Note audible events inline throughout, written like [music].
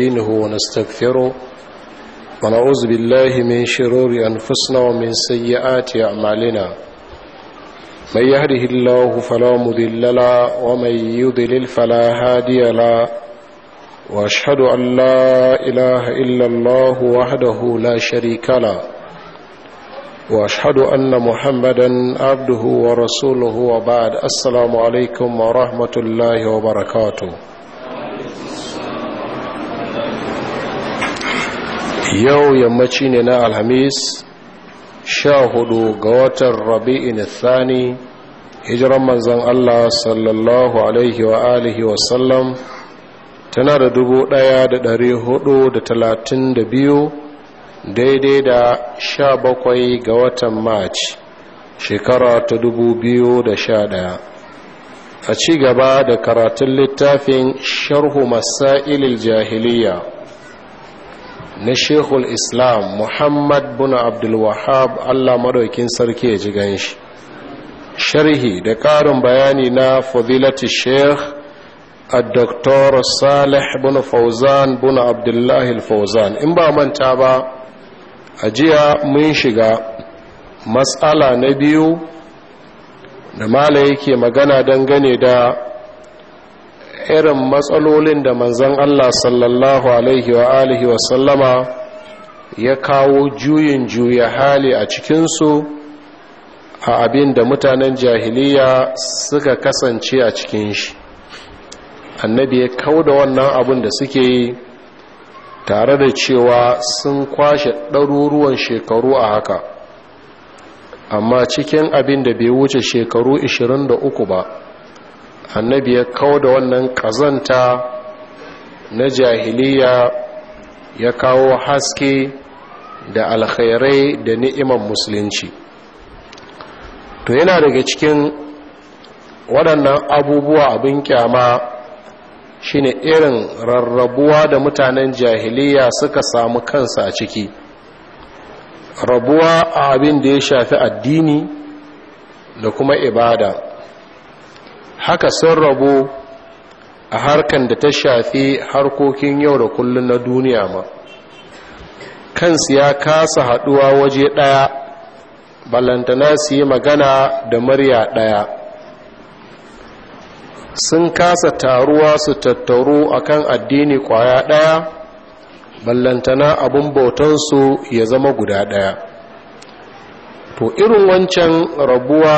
دينه ونستغفره ونعوذ بالله من شرور أنفسنا ومن سيئات أعمالنا من يهده الله فلا مذل لا ومن يضلل فلا هادي لا وأشهد أن لا إله إلا الله وحده لا شريك لا وأشهد أن محمدا عبده ورسوله وبعد السلام عليكم ورحمة الله وبركاته yau yammaci ne na alhamis sha hudu ga watan rabi'in thani hijiran manzan Allah sallallahu alaihi wa alihi wasallam tana da dubu daya da dari hudu da talatin da biyu daidai da sha bakwai ga watan march shekara ta dubu biyu da sha daya a ci gaba da karatun littafin sharhu masailil jahiliya na shekul islam muhammad bin abdulwahab allah Madaukin sarki ya ji ganshi sharhi da ƙarin bayani na fadilati sheikh a صالح بن فوزان Fauzan عبد Abdullahi Fauzan in ba manta ba a jiya mun shiga matsala na biyu da mala yake magana dangane da irin matsalolin da manzan Allah sallallahu alaihi wa alihi wa ya kawo juyin juya hali a cikinsu a abin da mutanen jahiliya suka kasance a cikin shi annabi ya kau da wannan abin da suke yi tare da cewa sun kwashe ɗaruruwan shekaru a haka amma cikin abin da bai wuce shekaru 23 ba annabi ya kawo da wannan ƙazanta na jahiliya ya kawo haske da alkhairai da ni'imar musulunci to yana daga cikin waɗannan abubuwa abin kyama shine irin rarrabuwa da mutanen jahiliya suka samu kansa a ciki rabuwa a abin da ya shafi addini da kuma ibada haka sun rabu a harkan da ta shafi harkokin yau da kullum na duniya ma kansu ya kasa haduwa waje ɗaya, balantana su yi magana da murya ɗaya. sun kasa taruwa su tattaru akan addini kwaya ɗaya, balantana abin bautansu ya zama guda ɗaya. to irin wancan rabuwa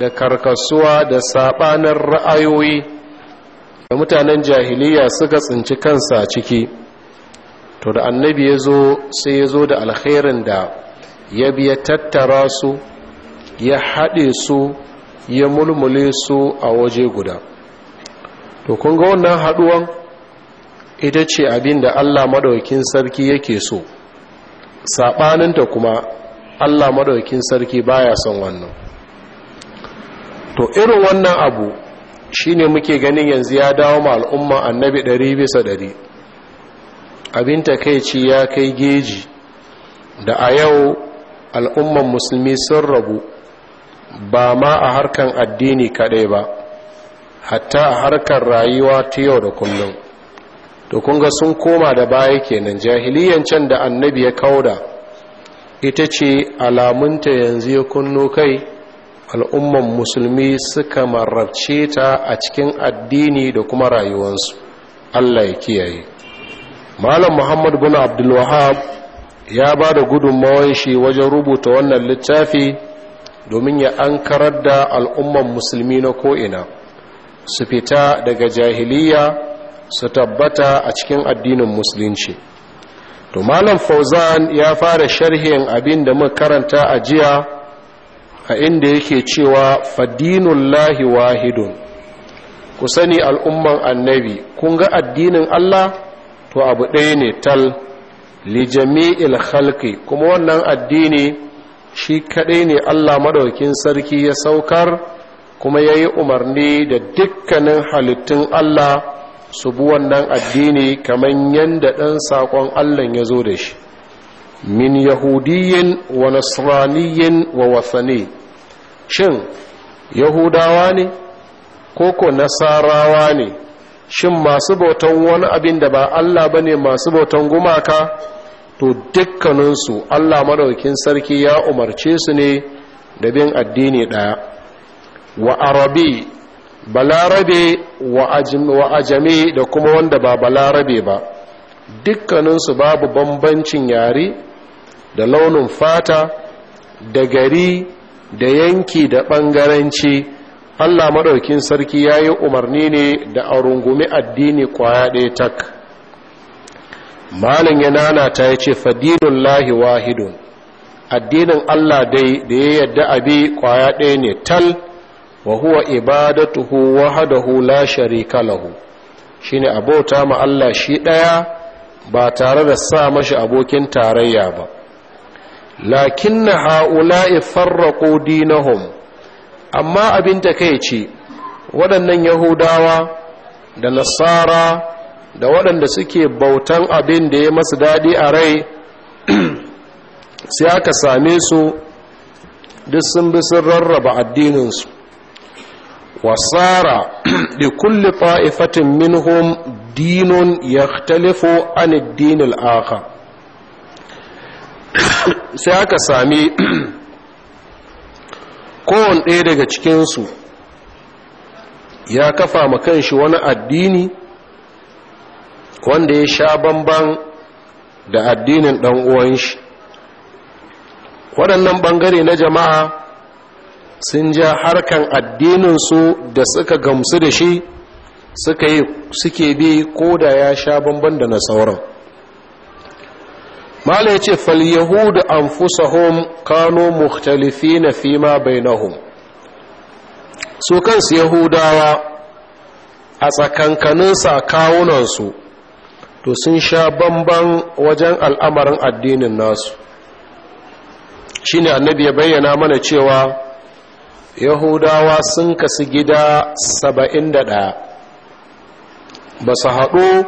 da karkasuwa da sabanin ra'ayoyi da mutanen jahiliya suka tsinci kansa ciki to da annabi ya zo sai ya zo da alkhairin da ya biya tattara su ya haɗe su ya mulmule su a waje guda to kun ga wannan haɗuwan ita ce abin da allah maɗaukin sarki yake so saɓaninta kuma allah maɗaukin sarki baya son wannan to irin wannan abu shine muke ganin yanzu ya dawo ma al'umma annabi ɗari bisa ɗari abin takaici ya kai geji da a yau al'umman musulmi sun rabu ba ma a harkan addini kadai ba hatta a harkar rayuwa ta yau da kullum to kunga sun koma da baya kenan jahiliyan can da annabi ya kauda ita ce alamunta yanzu ya kunno kai al'umman musulmi suka marabce ta a cikin addini da kuma rayuwarsu allah ya kiyaye malam muhammad bin abdulwahab ya ba da gudunmawar shi wajen rubuta wannan littafi domin ya ankarar da al'umman musulmi na ko'ina su fita daga jahiliya su tabbata a cikin addinin musulunci to malam fauzan ya fara sharhin abin da muka karanta a jiya a inda yake cewa fadinullahi wahidun ku sani al'umman annabi kun ga addinin Allah to abu ɗaya ne tal li jami'il halki. kuma wannan addini shi kaɗai ne Allah maɗaukin sarki ya saukar kuma ya yi umarni da dukkanin halittun Allah su bi wannan addini kamar yadda ɗan saƙon Allah ya zo da shi min yahudiyyin wa nasraniyyin wa wasani shin yahudawa ne ko nasarawa ne shin masu bautan wani abin da ba Allah ba ne masu bautan gumaka to dukkaninsu Allah madaukin sarki ya umarce su ne da bin addini ɗaya wa arabi balarabe wa ajami da kuma wanda ba balarabe ba dukkaninsu babu bambancin yare da launin fata da gari da yanki da ɓangaranci allah maɗaukin sarki ya yi umarni ne da a rungumi addini kwaya ɗaya tak malin ya ta ya ce fadinun lahi wahidun addinin allah dai da ya yadda abi kwaya ɗaya ne tal wa huwa ibadatuhu wahadahu la sharika lahu shine abota ma allah shi ɗaya ba tare da sa mashi abokin tarayya ba lakin na ha'ula'i farraƙo dinahum amma abin ta kai ce waɗannan yahudawa da nasara da waɗanda suke bautan abin da ya masu daɗi a rai [clears throat] sai aka same su duk sun bi sun rarraba addininsu wasara da kulle fa'ifatin minhum dinun ya talifo an dinil aka sai aka sami kowane ɗaya daga cikinsu ya kafa ma kanshi wani addini wanda ya sha bamban da addinin ɗan uwanshi waɗannan ɓangare na jama'a sun ja harkan addininsu da suka gamsu da shi suka suke bi ko da ya sha bamban da na sauran mala ya ce falyahudu an fusahom kano muhtalifi na fima bainahum su kansu yahudawa a tsakankaninsa kawunansu to sun sha bamban wajen al'amarin addinin nasu shine annabi ya bayyana mana cewa yahudawa sun kasu gida saba'in da ɗaya ba su haɗu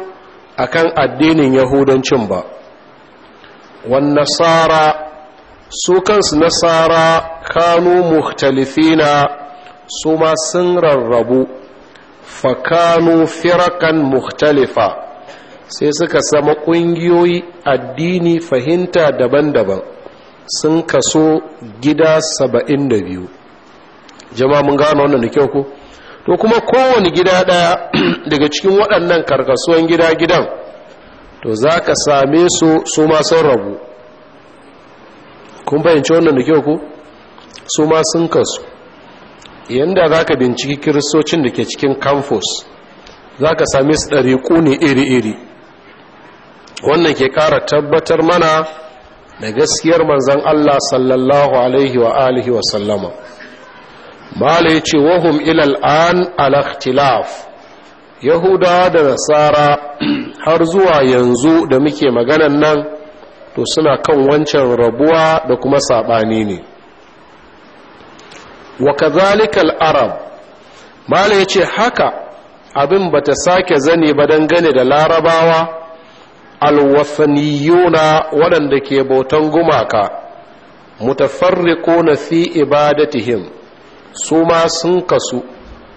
a kan addinin yahudancin ba wannan tsara su kansu nasara kanu muhtalifina su ma sun rarrabu fakanu firakan muhtalifa sai suka sama ƙungiyoyi addini fahimta daban-daban sun kaso gida saba'in da biyu jama'a mun gano wannan da kyau ko to kuma kowane gida daya [clears throat] daga cikin waɗannan karkasuwan gida gidan to za ka same su su ma sun rabu kun bayanci wannan da kyau ko su ma sun kasu yanda za ka binciki kiristocin da ke cikin kamfos za ka same su ɗari ne iri-iri wannan ke ƙara tabbatar mana da gaskiyar manzan Allah sallallahu alaihi wa alihi wa sallama bala ya ce wahum ilal an alaktilaf yahuda da nasara [clears throat] har zuwa yanzu da muke maganan nan to suna kan wancan rabuwa da kuma saɓani ne wa kazalikal arab bala ya ce haka abin ba ta sake zane ba dangane da larabawa alwafaniyuna waɗanda ke bautan gumaka na fi ibadatihim su ma sun kasu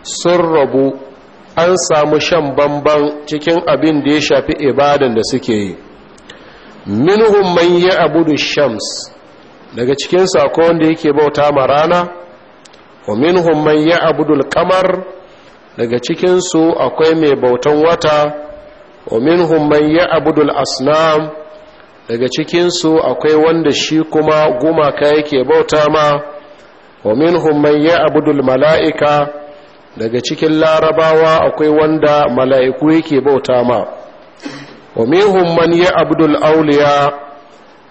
sun rabu an samu shan bamban cikin abin da ya shafi ibadan da suke yi minhum man ya'budu shams daga cikin sako wanda yake bauta ma rana wa minhum man ya'budu al-qamar daga cikinsu akwai mai bautan wata wa minhum man ya'budu al-asnam daga cikinsu akwai wanda shi kuma gumaka yake bauta ma ومنهم من يعبد ya'budu malaika daga cikin larabawa akwai wanda mala'iku yake bauta ma wa minhum man ya'budu al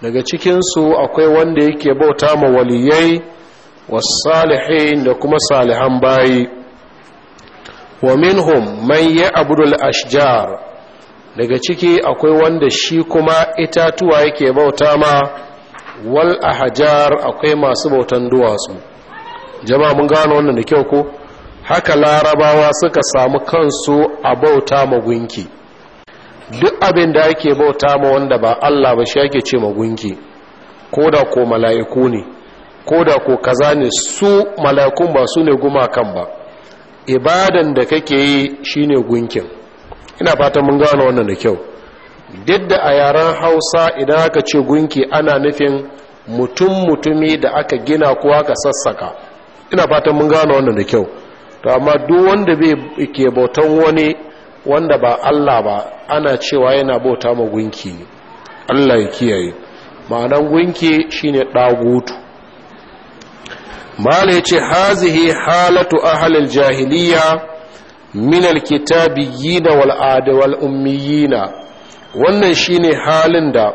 daga cikin su akwai wanda yake bauta ma waliyai was-salihin da kuma salihan bayi wa minhum man ya'budu al-ashjar daga ciki akwai wanda shi kuma itatuwa yake bauta ma wal ahjar akwai masu bautan duwatsu Jama mun gano wannan da kyau ko haka larabawa suka samu kansu a bauta magunki duk abin da ake bauta ma wanda ba Allah ba shi ake ce magunki ko da ko mala'iku ne ko da ko kaza ne su mala'ikun ba su ne gumakan ba ibadan da kake yi shine gunkin ina fata mun gano wannan da kyau duk da a yaren hausa idan aka ce gunki ana nufin mutum mutumi da aka gina ko aka sassaka ina fatan mun gano wannan da kyau to amma duk wanda bai ke bautan wani wanda ba Allah ba ana cewa yana bauta ma gunki ne Allah ya kiyaye ma'anan gunki shine dagutu mala yace hazihi halatu ahli aljahiliya min alkitabiyyin wal adi wal ummiyina wannan shine halin da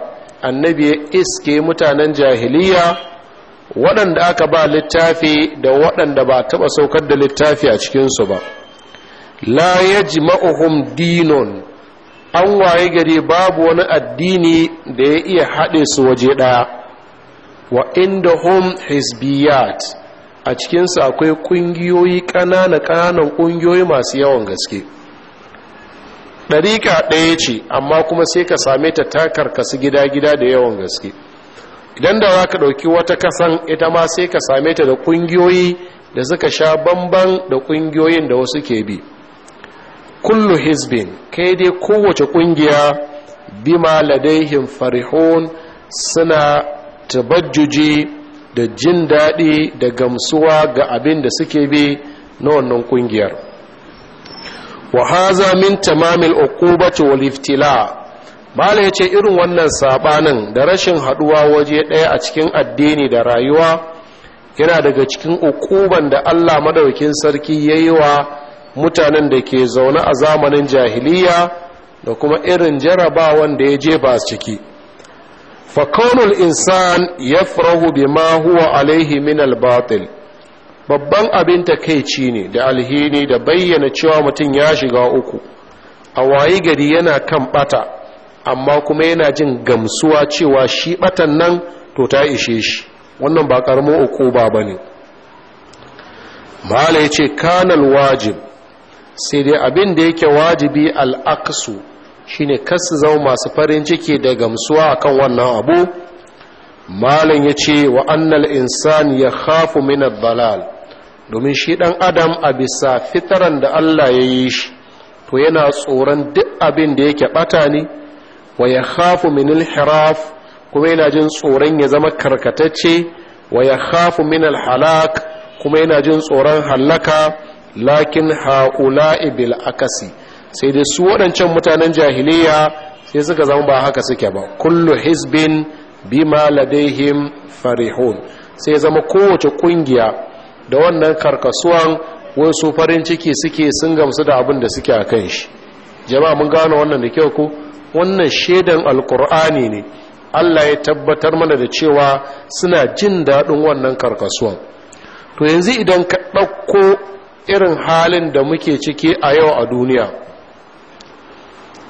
annabi ya iske mutanen jahiliya waɗanda aka ba littafi da waɗanda ba taɓa saukar da littafi a cikinsu ba la ya dinon an waye gari babu wani addini da ya iya haɗe su waje ɗaya wa inda hum hisbiyat a cikinsu akwai ƙungiyoyi ƙanana ƙananan ƙungiyoyi masu yawan gaske ɗariƙa ɗaya ce amma kuma sai ka same ta takarkasu gida-gida da yawan gaske idan da za ka ɗauki wata kasan ita ma sai ka same ta da ƙungiyoyi da suka sha bamban da ƙungiyoyin da wasu ke bi kullu hisbin kai dai kowace ƙungiya bima ladaihim farihun suna tabajjuji da jin daɗi da gamsuwa ga abin da suke bi na wannan ƙungiyar wa haza min tamamil uqubati wal iftila bala ya ce irin wannan sabanin da rashin haduwa waje ɗaya a cikin addini da rayuwa yana daga cikin ukuban da allah madaukin sarki ya yi wa mutanen da ke zaune a zamanin jahiliya da kuma irin jarabawan da ya jefa ciki fakonul insan ya farahu ma huwa alaihi min albatil babban abin takaici ne da alhini da bayyana cewa mutum ya shiga uku a wayi gari yana kan bata amma kuma yana jin gamsuwa cewa shi batan nan to ta ishe shi wannan ba ba ne. bane mala yace kanal wajib sai dai abin da yake wajibi al-aqsu shine kasu zama masu farin ciki da gamsuwa akan wannan abu malam yace wa annal insani ya min ad balal domin shi dan adam a bisa fitaran da Allah ya yi shi to yana tsoron duk abin da yake bata ne wa ya khafu min al-hiraf kuma yana jin tsoron ya zama karkatacce wa ya khafu min al-halak kuma yana jin tsoron halaka lakin haula'i ibil akasi sai dai su waɗancan mutanen jahiliya sai suka zama ba haka suke ba kullu hizbin bima ladaihim farihun sai zama kowace kungiya da wannan karkasuwan wasu farin ciki suke sun gamsu da abin da suke a kan shi jama'a mun gano wannan da kyau ko wannan shaidan alkur'ani ne Allah ya tabbatar mana da cewa suna jin daɗin wannan karkasuwan to yanzu idan ka ɗauko irin halin da muke ciki a yau a duniya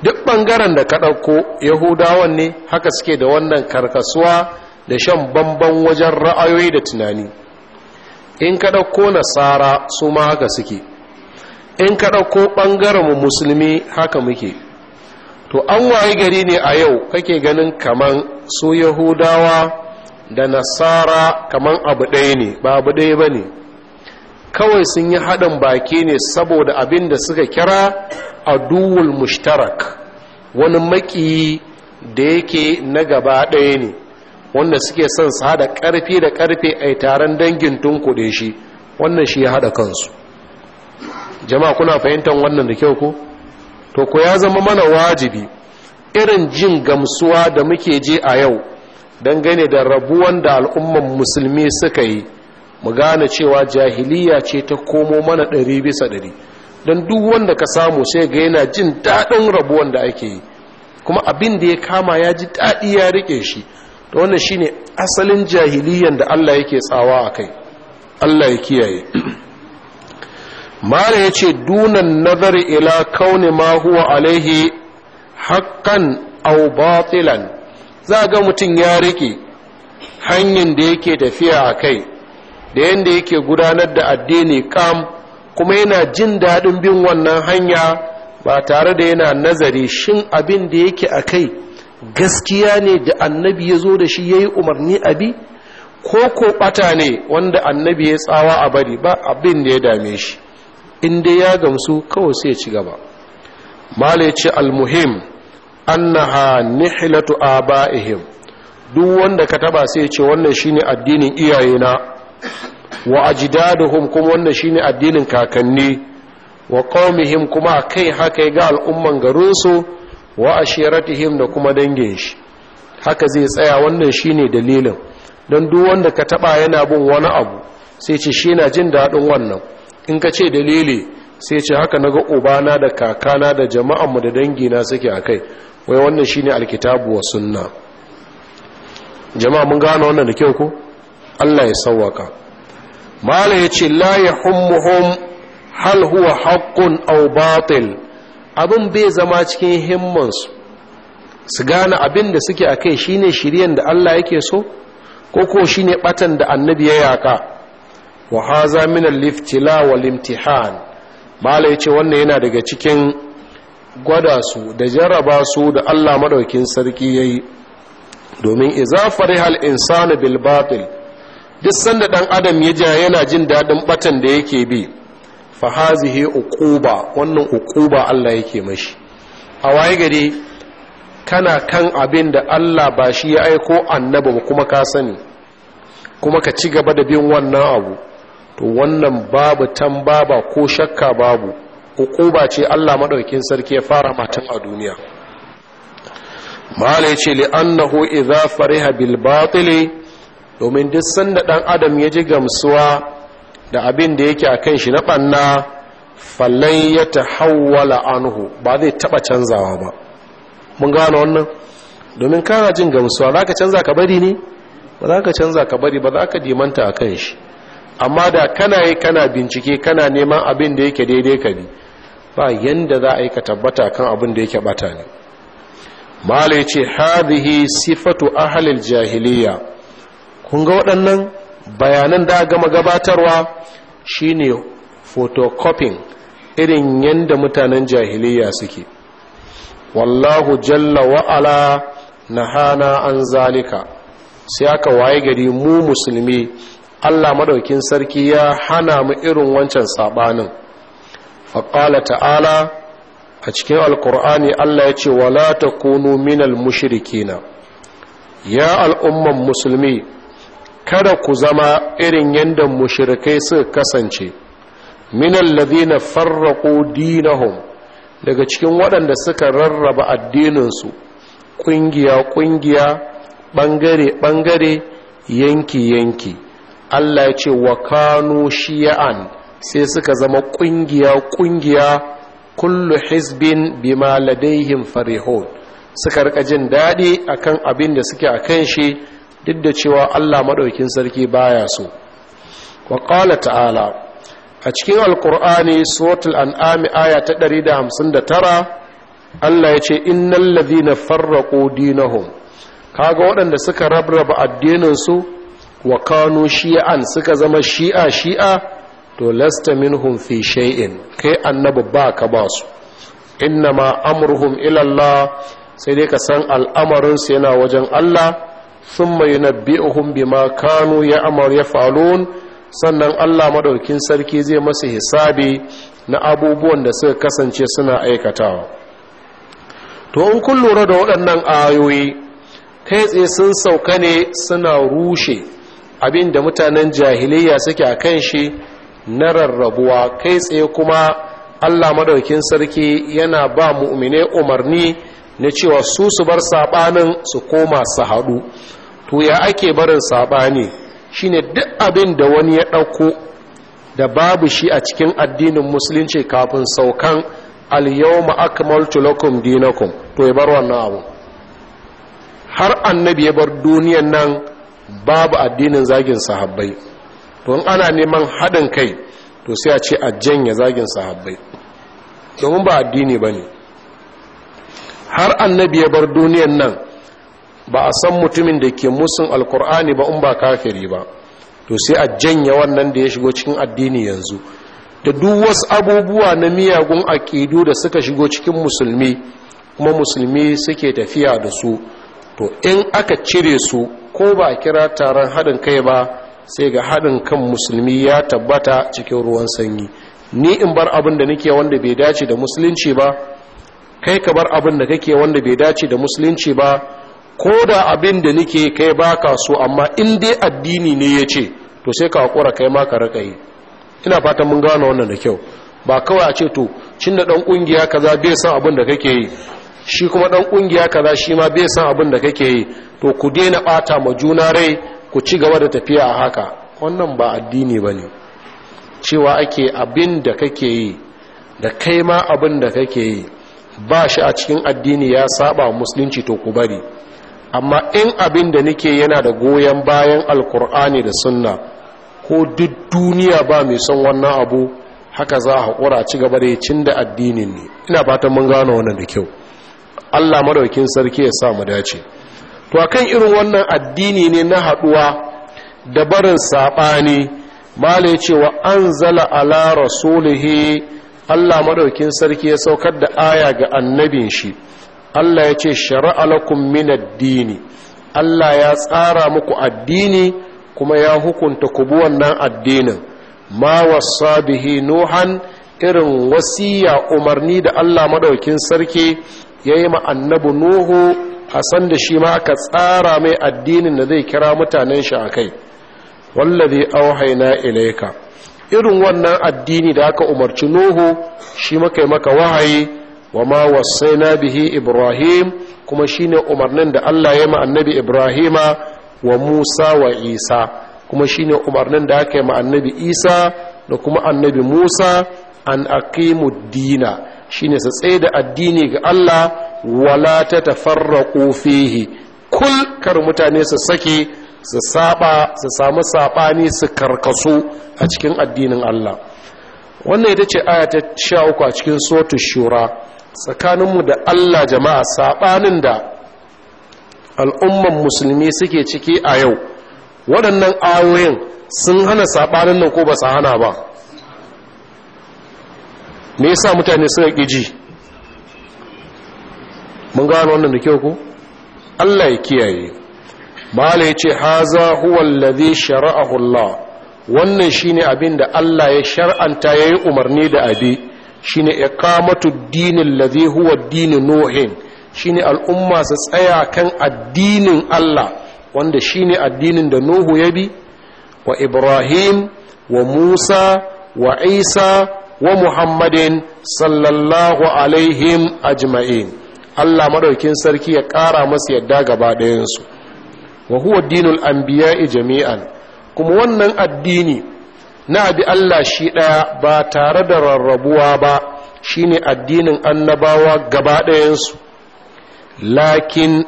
duk ɓangaren da ka ɗauko yahudawan ne haka suke da wannan karkasuwa da shan bamban wajen ra'ayoyi da tunani in ka ɗauko nasara su ma haka suke in ka ɗauko ɓangaren musulmi haka muke to an waye gari ne a yau kake ganin kaman su yahudawa da nasara kaman abu ɗaya ne ba abu ɗaya ba ne kawai sun yi haɗin baki ne saboda abin da suka kira aduwul mushtarak wani makiyi da yake na gaba ɗaya ne wanda suke son su haɗa ƙarfi da ƙarfe a taron dangin tun kuɗe shi wannan shi ya haɗa kansu jama'a kuna fahimtar wannan da kyau ko? to ku ya zama mana wajibi irin jin gamsuwa da muke je a yau dangane da rabuwan da al'umman musulmi suka yi mu gane cewa jahiliya ce ta komo mana ɗari bisa ɗari don duk wanda ka samu sai ga yana jin daɗin rabuwan da ake yi kuma abin da ya kama ya ji daɗi ya riƙe shi to wannan shine asalin jahiliyan da Allah yake tsawa a kai Allah ya kiyaye [clears throat] mala ya ce dunan nazari ila kauni ma huwa alaihi haƙƙan au batilan za ga mutum ya rike hanyar da yake tafiya a kai da yadda yake gudanar da addini kam kuma yana jin daɗin bin wannan hanya ba tare da yana nazari shin abin da yake a kai gaskiya ne da annabi ya zo da shi ya yi umarni abi ko ko ɓata ne wanda annabi ya tsawa a bari ba abin da ya dame shi in dai ya gamsu kawai sai ci gaba malai ce almuhim annaha nihilatu aba'ihim duk wanda ka taba sai ce wannan shine addinin iyayena wa ajdaduhum kuma wannan shine addinin kakanni wa qaumihim kuma kai haka ga al'umman garinsu wa ashiratihim da kuma dangin shi haka zai tsaya wannan shine dalilin don duk wanda ka taba yana bin wani abu sai ce shi na jin daɗin wannan in ka ce dalili sai ce haka na naga ubana da kakana da jama'anmu da dangi na suke a kai wai wannan shine alkitabu wa sunna jama'a mun gano wannan da kyau ko Allah ya sauwaka mala yace la yahummuhum hal huwa haqqun aw batil abin bai zama cikin himmansu su gane abin da suke a akai shine shiryen da Allah yake so ko ko shine batan da annabi ya yaka wa haza min al-iftila wal imtihan malai yace wannan yana daga cikin gwada su da jarraba su da Allah madaukin sarki yayi domin idza farihal insanu bil batil duk sanda dan adam ya ja yana jin dadin batan da yake bi fa hazihi uquba wannan uquba Allah yake mashi a waye gari kana kan abin da Allah ba shi ya aiko annaba kuma ka sani kuma ka ci gaba da bin wannan abu to wannan babu tambaba ko shakka babu hukuba ce Allah madaukin sarki ya fara matan a duniya mala yace li annahu idza fariha bil batil domin duk sanda dan adam ya ji gamsuwa da abin da yake akan shi na banna fallai ya tahawwala anhu ba zai taba canzawa ba mun gane wannan domin kana jin gamsuwa zaka canza ka bari ne ba za ka canza ka bari ba za ka dimanta a kan shi amma da kana yi kana bincike kana neman abin da yake daidai ka bi ba yanda za a yi ka tabbata kan abin da yake bata ne malai ce hadhihi sifatu ahlil jahiliya kun ga waɗannan bayanan da gama gabatarwa shine photocopying irin yanda mutanen jahiliya suke wallahu jalla wa'ala na hana an zalika sai aka waye gari mu musulmi Allah madaukin sarki ya hana mu irin wancan sabanin faƙala ta'ala a cikin alkur'ani Allah ya ce wala takunu minal mushrikina ya al'umman musulmi kada ku zama irin yanda mushrikai suka kasance minal ladina farraqu dinahum daga cikin waɗanda suka rarraba addinin addininsu ƙungiya ƙungiya ɓangare ɓangare yanki yanki Allah ya ce wa kanu shi'an sai suka zama kungiya kungiya kullu hizbin bima ladaihim farihun suka rika jin dadi akan abin da suke akan shi duk da cewa Allah madaukin sarki baya so wa qala ta'ala a cikin alqur'ani suratul an'am aya ta 159 Allah ya ce innal ladhina farraqu dinahum kaga waɗanda suka rabraba addinin su wa kanu shi'an suka zama shi'a shi'a to lasta minhum fi shay'in kai annabi ba ka ba su innama amruhum ila Allah sai dai ka san al'amarin su yana wajen Allah thumma yunabbi'uhum bima kanu ya yaf'alun sannan Allah madaukin sarki zai masu hisabi na abubuwan da suka kasance suna aikatawa to in kun lura da waɗannan ayoyi kai tsaye sun sauka ne suna rushe abin da mutanen jahiliya suke a kan shi na rarrabuwa kai tsaye kuma allah madaukin sarki yana ba mu'mine umarni na cewa su su bar saɓanin su koma su haɗu to ya ake barin saɓani ne duk abin da wani ya ɗauko da babu shi a cikin addinin musulunci kafin saukan al-yawma akmaltu lakum dinakum to ya bar wannan abu har annabi ya bar duniyan nan babu addinin zagin sahabbai don ana neman haɗin kai to sai a ce a janye zagin sahabbai domin ba addini ba ne har annabi ya bar duniyan nan ba a san mutumin da ke musun alkur'ani ba in ba kafiri ba to sai a janye wannan da ya shigo cikin addini yanzu da duk wasu abubuwa na miyagun aƙidu da suka shigo cikin musulmi kuma musulmi suke tafiya da su to in aka cire su ko ba kira taron haɗin kai ba sai ga haɗin kan musulmi ya tabbata cikin ruwan sanyi ni in bar abin da nake wanda bai dace da musulunci ba kai ka bar abin da kake wanda bai dace da musulunci ba ko da abin da nake kai baka so amma in dai addini ne ya ce to sai ka haƙura kai ma ka raƙayi ina fatan mun gano wannan da kyau ba kawai a ce to cin da ɗan ƙungiya ka za bai san abin da kake yi shi kuma dan kungiya kaza shi ma bai san abin da kake yi to ku daina bata ma juna rai ku ci gaba da tafiya a haka wannan ba addini bane cewa ake abin da kake yi da kai ma abin da kake yi ba shi a cikin addini ya saba musulunci to ku bari amma in abin da nake yana da goyon bayan alkur'ani da sunna ko duk duniya ba mai son wannan abu haka za a haƙura ci gaba da cin da addinin ne ina fatan mun gano wannan da kyau Allah madaukin sarki ya sa mu dace to akan irin wannan addini ne na haduwa da barin sabani mala yace wa anzala ala rasulihi Allah madaukin sarki ya saukar da aya ga annabin shi Allah yace shar'a lakum min ad-dini Allah ya tsara muku addini kuma ya hukunta ku bi wannan addinin ma wasa bihi nuhan irin wasiya umarni da Allah madaukin sarki ya yi ma annabi nuhu a san da shi ma aka tsara mai addinin da zai kira mutanen shi a kai wallazi auhaina ilaika irin wannan addini da aka umarci nuhu shi maka maka wahayi wa ma wasaina bihi ibrahim kuma shine umarnin da Allah ya ma annabi ibrahima wa musa wa isa kuma shine umarnin da aka yi ma annabi isa da kuma annabi musa an aqimu shine su tsaye da addini ga Allah wala ta tafarraqu fihi kul kar mutane su sake su saba su samu sabani su karkasu a cikin addinin Allah wannan ita ce aya ta uku a cikin suratul shura tsakaninmu da Allah jama'a sabanin da al'umman musulmi suke ciki a yau waɗannan ayoyin sun hana sabanin nan ko ba su hana ba me yasa mutane suka ƙiji mun gano wannan da kyau ku Allah ya kiyaye mala ce haza huwa allazi shara'ahu Allah wannan shine abin da Allah ya shar'anta yayi umarni da abi shine iqamatu ad-din huwa ad nuhin shine al'umma su tsaya kan addinin Allah wanda shine addinin da Nuhu ya bi wa Ibrahim wa Musa wa Isa wa muhammadin sallallahu alaihim ajma'in Allah madaukin sarki ya ƙara masa yadda gaba ɗayansu wa huwa dinul anbiya'i jami'an kuma wannan addini na abi Allah shi ɗaya ba tare da rarrabuwa ba shine addinin annabawa gaba lakin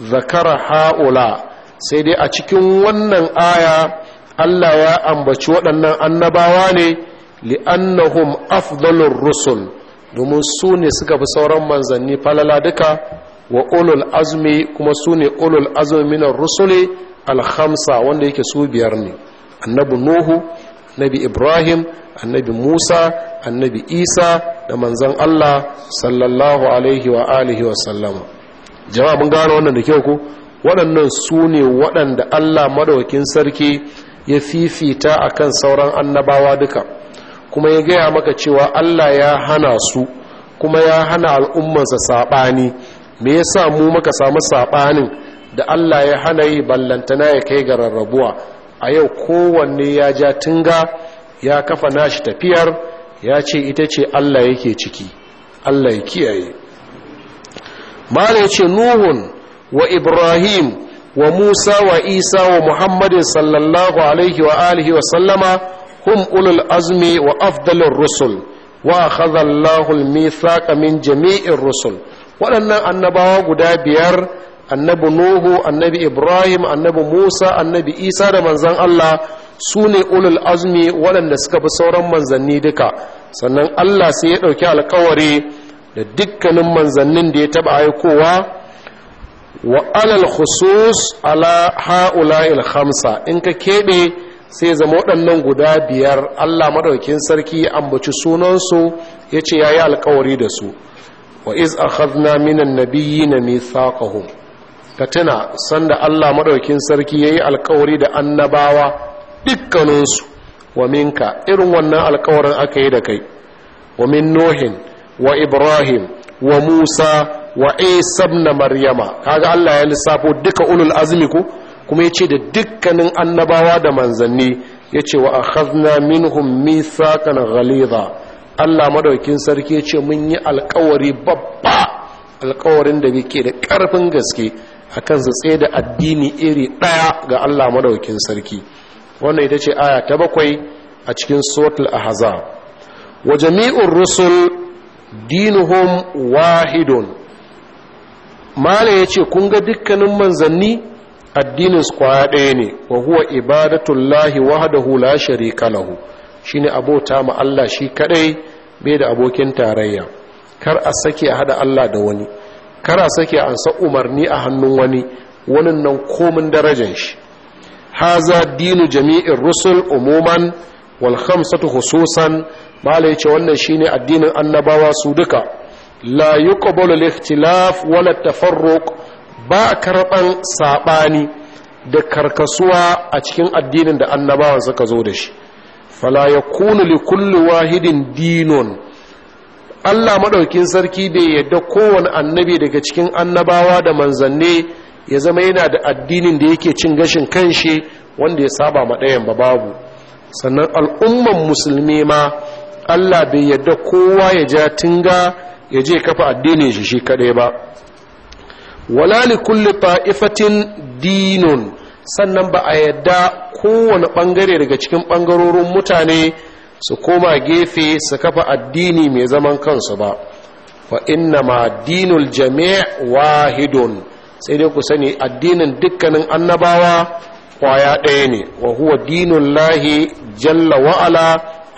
zakara ha'ula sai dai a cikin wannan aya Allah ya ambaci waɗannan annabawa ne li'annahum afdalur rusul domin su ne suka fi sauran manzanni falala duka wa ulul azmi kuma su ne ulul azmi minar rusuli alhamsa wanda yake su biyar ne annabi nuhu annabi ibrahim annabi musa annabi isa da manzan allah sallallahu alaihi wa alihi wa sallama jama'a mun gano wannan da kyau ko waɗannan su ne waɗanda allah madawakin sarki ya fifita akan sauran annabawa duka kuma ya gaya maka cewa Allah ya hana su kuma ya hana al'ummansa saɓani me ya sa mu maka samu saɓanin da Allah ya hana yi ballantana ya kai ga rarrabuwa a yau kowanne ya ja tunga ya kafa nashi tafiyar ya ce ita ce Allah yake ciki Allah ya kiyaye mala nuhun wa ibrahim wa musa wa isa wa muhammadin sallallahu alaihi wa alihi wa sallama hum ulul azumi wa afdalur rusul wa akhadha Allahu al-mithaqa min jami'ir rusul waɗannan annabawa guda biyar annabi nuhu annabi ibrahim annabi musa annabi isa da manzan allah Sune ulul azumi waɗanda suka fi sauran manzanni duka sannan allah sai ya ɗauki alkawari da dukkanin manzannin da ya taɓa aikowa wa alal khusus ala ha'ula'il khamsa in ka keɓe sai zama waɗannan guda biyar allah maɗaukin sarki ya ambaci sunansu ya ce ya yi alkawari da su wa iz akhadna minan na nabiyina mithaqahum ka tuna sanda allah maɗaukin sarki ya yi alkawari da annabawa dukkaninsu wa minka irin wannan alkawarin aka yi da kai wa min nohin wa ibrahim wa musa wa isa na maryama kaga allah ya lissafo duka ulul azumi ko kuma ya ce da dukkanin annabawa da manzanni ya ce wa akhazna minhum mithaqan ghaliza Allah madaukin sarki ya ce mun yi alkawari babba alkawarin da yake da ƙarfin gaske a kan tsaye da addini iri ɗaya ga Allah madaukin sarki wannan ita ce aya ta bakwai a cikin suratul ahzab wa jami'ur rusul dinuhum wahidun ya yace kun ga dukkanin manzanni addinin su kwaya ɗaya ne wa huwa ibadatullahi wahdahu la sharika lahu shine abota ma Allah shi kaɗai, bai da abokin tarayya kar a sake a hada Allah da wani kar a sake a ansa umarni a hannun wani wannan nan komin darajar shi haza dinu jami'in rusul umuman wal khamsatu hususan malai ce wannan shine addinin annabawa su duka la yuqbalu al-ikhtilaf wala tafarruq ba karɓar saɓani da karkasuwa a cikin addinin da annabawan suka zo da shi fala ya kuna li kulli wahidin dinon allah maɗaukin sarki bai yadda kowane annabi daga cikin annabawa da manzanne ya zama yana da addinin da yake cin gashin kanshi wanda ya saba ma ɗayan ba babu sannan al'umman musulmi ma allah bai yadda kowa ya ja tinga ya je kafa addinin shi shi kaɗai ba ولا لكل طائفة دين sannan ba a yadda kowane ɓangare daga cikin ɓangarorin mutane su koma gefe su kafa addini mai zaman kansu ba fa inna ma dinul jami' wahidun sai dai ku sani addinin dukkanin annabawa kwaya ɗaya ne wa huwa dinul lahi jalla wa'ala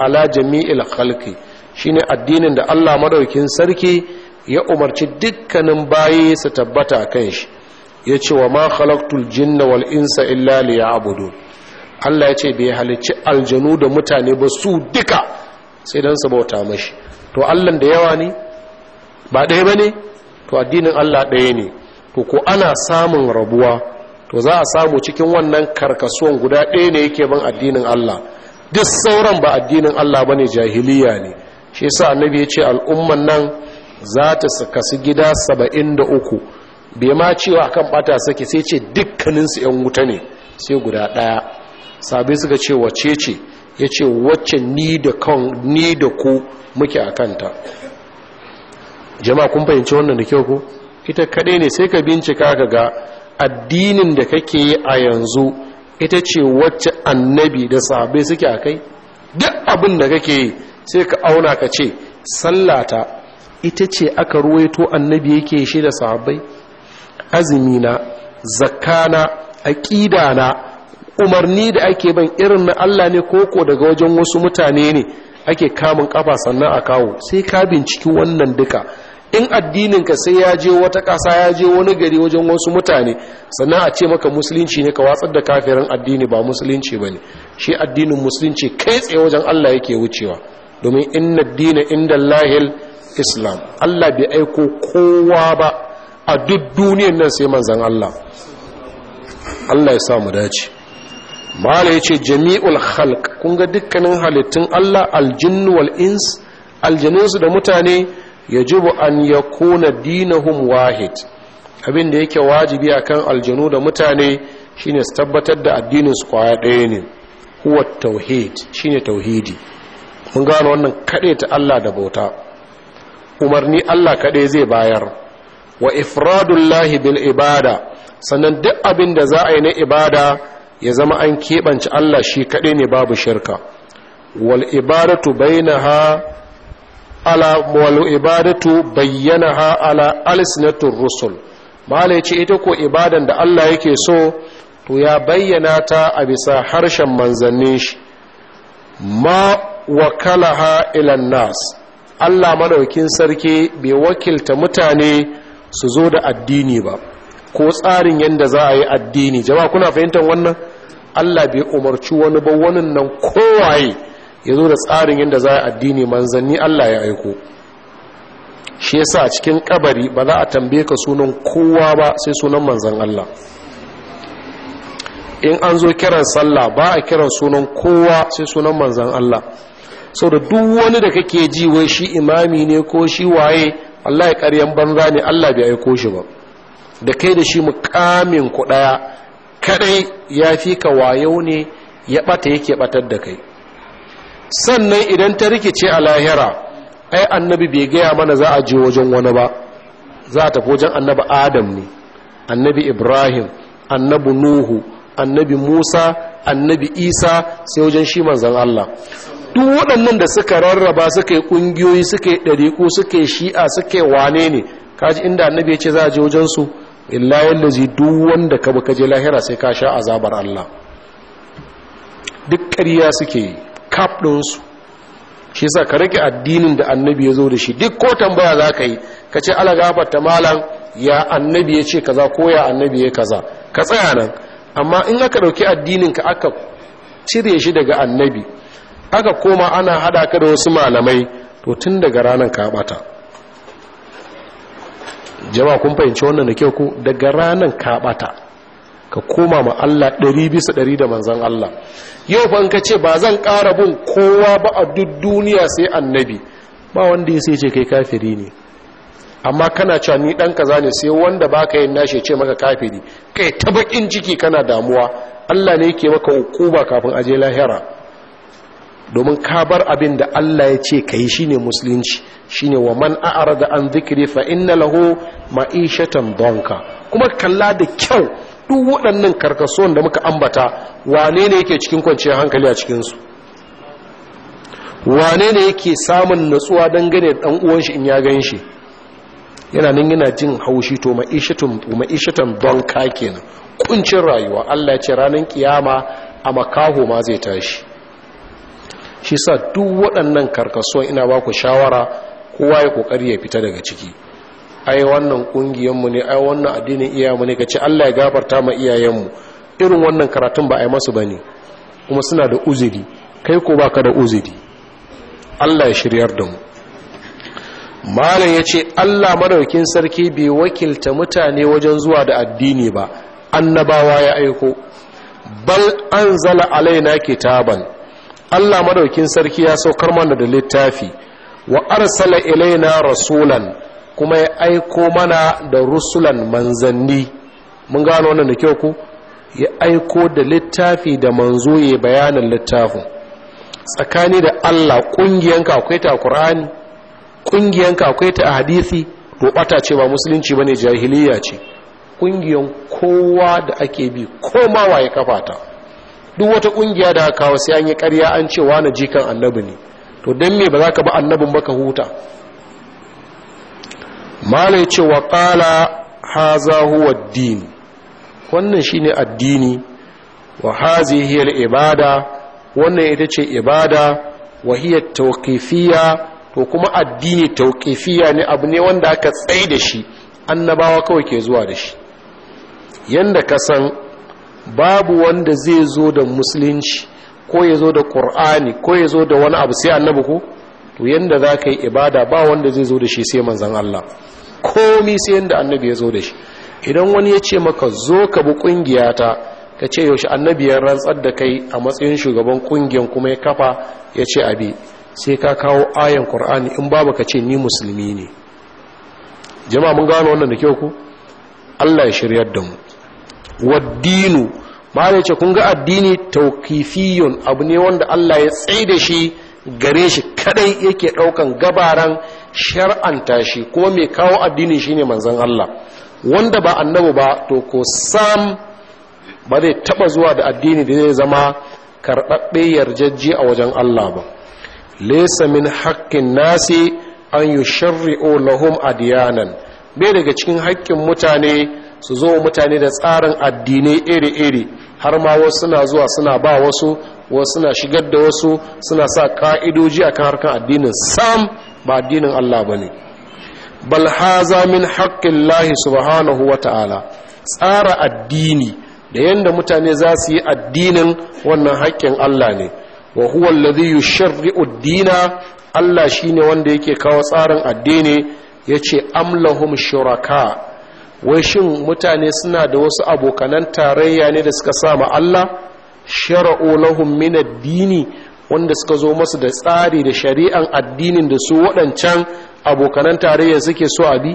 ala jami'il khalqi shine addinin da Allah madaukin sarki ya umarci dukkanin bayi su tabbata kan shi ya ce wa ma khalaqtul jinna wal insa illa liya'budun Allah ya ce bai halicci aljanu da mutane ba su duka sai dan su bauta mashi to Allah da yawa ne ba ɗaya bane to addinin Allah ɗaya ne to ko ana samun rabuwa to za a samu cikin wannan karkasuwan guda ɗaya ne yake ban addinin Allah duk sauran ba addinin Allah bane jahiliya ne shi yasa annabi ya ce al'umman nan za ta kasu gida saba'in da uku bai ma cewa kan bata sake sai ce dukkaninsu 'yan wuta ne sai guda ɗaya sabai suka ce wace ce ya ce wacce ni da ni da ku muke a kanta jama'a kun fahimci wannan da kyau ko. ita kaɗai ne sai ka bincika ka ga addinin da kake yi a yanzu ita ce wacce annabi da sabai suke a kai duk abin da kake yi sai ka auna ka ce sallata ita ce aka ruwaito annabi yake shi da sahabbai azumi na zakana aqida na umarni da ake ban irin na Allah ne koko daga wajen wasu mutane ne ake kamun kafa sannan a kawo sai ka binciki wannan duka in addininka sai ya je wata kasa ya je wani gari wajen wasu mutane sannan a ce maka musulunci ne ka watsar da kafirin addini ba musulunci ba ne shi addinin musulunci kai tsaye wajen allah yake wucewa domin inna dina inda lahil islam allah bai aiko kowa ba a duk duniyan nan sai manzan allah allah ya samu dace mala ya ce jami'ul halk kun ga dukkanin halittun allah aljinnu wal ins da mutane ya an ya dina dinahum wahid abinda da yake wajibi akan aljanu da mutane shine su tabbatar da addinin su kwaya ɗaya ne huwa tauhid shine tauhidi mun gano wannan kaɗai ta Allah da bauta umarni Allah kaɗai zai bayar wa ifradullahi bil ibada sannan duk abin da za a yi na ibada ya zama an keɓance Allah shi kaɗai ne babu shirka wal ibadatu ha ala wal ibadatu ha ala alisnatun rusul mala ce ita ko ibadan da Allah yake so to ya bayyana ta a bisa harshen manzannin shi ma ha ilan nas Allah madaukin sarki bai wakilta mutane su zo da addini ba ko tsarin yadda za a yi addini jama'a kuna fahimtar wannan Allah bai umarci wani ba wannan nan kowaye ya zo da tsarin yadda za a yi addini manzanni Allah ya aiko shi yasa cikin kabari ba za a tambaye ka sunan kowa ba sai sunan manzan Allah in an zo kiran sallah ba a kiran sunan kowa sai sunan manzan Allah Sau da duk wani da kake ji wai shi imami ne ko shi waye Allah ya ƙaryan banza ne Allah bai aiko shi ba da kai da shi mukamin ku ɗaya kadai ya fi ka wayo ne ya ɓata yake ɓatar da kai sannan idan ta rikice a lahira ai annabi bai gaya mana za a je wajen wani ba za a tafi wajen annabi adam ne annabi ibrahim annabi nuhu annabi musa annabi isa sai wajen shi manzan allah duk waɗannan da suka rarraba suka yi ƙungiyoyi suka yi ɗariƙo suka yi shi'a suka yi wane ne kaji inda annabi ya ce za a je wajensu illa zai duk wanda ka bi je lahira sai ka sha azabar Allah duk ƙarya suke yi kaf ɗinsu shi sa ka rike addinin da annabi ya zo da shi duk ko tambaya za ka yi ka ce ala ta malam ya annabi ya ce kaza ko ya annabi ya kaza ka tsaya nan amma in aka ɗauki addinin ka aka cire shi daga annabi aka koma ana hada ka da wasu malamai to tun daga ranar ka bata jama'a kun fahimci wannan da kyau ko daga ranar ka bata ka koma ma Allah ɗari bisa ɗari da manzon Allah yau fa ka ce ba zan ƙara bin kowa ba a duk duniya sai annabi ba wanda ya sai ce kai kafiri ne amma kana cewa ni dan kaza ne sai wanda baka yin nashi ce maka kafiri kai ta bakin ciki kana damuwa Allah ne yake maka hukuma kafin aje lahira domin kabar abin da Allah ya ce ka shi shine musulunci shine wa man da an zikiri fa inna laho ma'ishatan donka kuma kalla da kyau duk waɗannan karkasuwan da muka ambata wane ne yake cikin kwanciyar hankali a cikinsu wane ne yake samun natsuwa don gane ɗan uwan shi in ya gan shi yana nan yana jin haushi to ma'ishatan donka kenan kuncin rayuwa allah ya ce ranar kiyama a makaho ma zai tashi shi sa duk waɗannan karkasuwan ina ba ku shawara kowa ya ƙoƙari ya fita daga ciki ai wannan ƙungiyarmu ne ai wannan addinin iyayenmu ne ce Allah ya gafarta ma iyayenmu irin wannan karatun ba a yi masu ne. kuma suna da uzuri kai ko ba ka da uzuri Allah ya shiryar da mu malam ya ce allah maraukin sarki bai wakilta mutane wajen zuwa da addini ba annabawa ya aiko bal an zala alaina kitaban Allah madaukin sarki ya saukar mana da littafi wa arsala ilaina rasulan kuma ya aiko mana da rusulan manzanni mun gano wannan da kyau ku ya aiko da littafi da manzo ya bayanin littafin tsakani da Allah kungiyanka akwai ta Qur'ani kungiyanka akwai ta hadisi to bata ce ba musulunci bane jahiliya ce kungiyan kowa da ake bi koma waye kafata duk wata kungiya da aka kawo sai an yi ƙarya an ce na jikan annabi ne to don me ba za ka ba annabin baka huta malai ce wa ƙala haza huwa dini wannan shine addini wa hazi hiyar ibada wannan ita ce ibada wa hiyar tauƙifiya to kuma addini taukifiya ne abu ne wanda aka tsaye da shi annabawa kawai ke zuwa da shi yanda ka san babu wanda zai zo da musulunci ko ya zo da ƙur'ani ko ya zo da wani abu sai annabi ko to yanda za ka yi ibada ba wanda zai zo da shi sai manzan Allah komi sai yanda annabi ya zo da shi idan wani ya ce maka zo ka bi ƙungiyata ka ce yaushe annabi ya rantsar da kai a matsayin shugaban ƙungiyar kuma ya kafa ya ce abi sai ka kawo ayan ƙur'ani in babu ka ce ni musulmi ne jama'a mun gano wannan da kyau ku Allah ya shiryar da mu waddinu ba ne ce kun ga addini taukifiyun abu ne wanda Allah ya tsaye da shi gare shi kadai yake daukan gabaran shar'anta shi ko mai kawo addini shine manzon Allah wanda ba annabi ba to ko sam ba zai taba zuwa da addini da zai zama karɓaɓɓe yarjejje a wajen Allah ba laysa min haqqin nasi an yushri'u lahum adiyanan bai daga cikin haƙƙin mutane su zo mutane da tsarin addinai iri-iri har ma wasu suna zuwa suna ba wasu wasu suna shigar da wasu suna sa ka'idoji akan harkar addinin sam ba addinin Allah bane bal haza min haqqillahi subhanahu wata'ala tsara addini da yanda mutane za su yi addinin wannan haƙƙin Allah ne wa huwa alladhi yusharri'u ad-dina Allah shine wanda yake kawo tsarin addini yace amlahum shuraka wai shin mutane suna da wasu abokanan tarayya ne da suka sama Allah shara'u lahum min ad-dini wanda suka zo masu da tsari da shari'an addinin da su waɗancan abokanan tarayya suke so a bi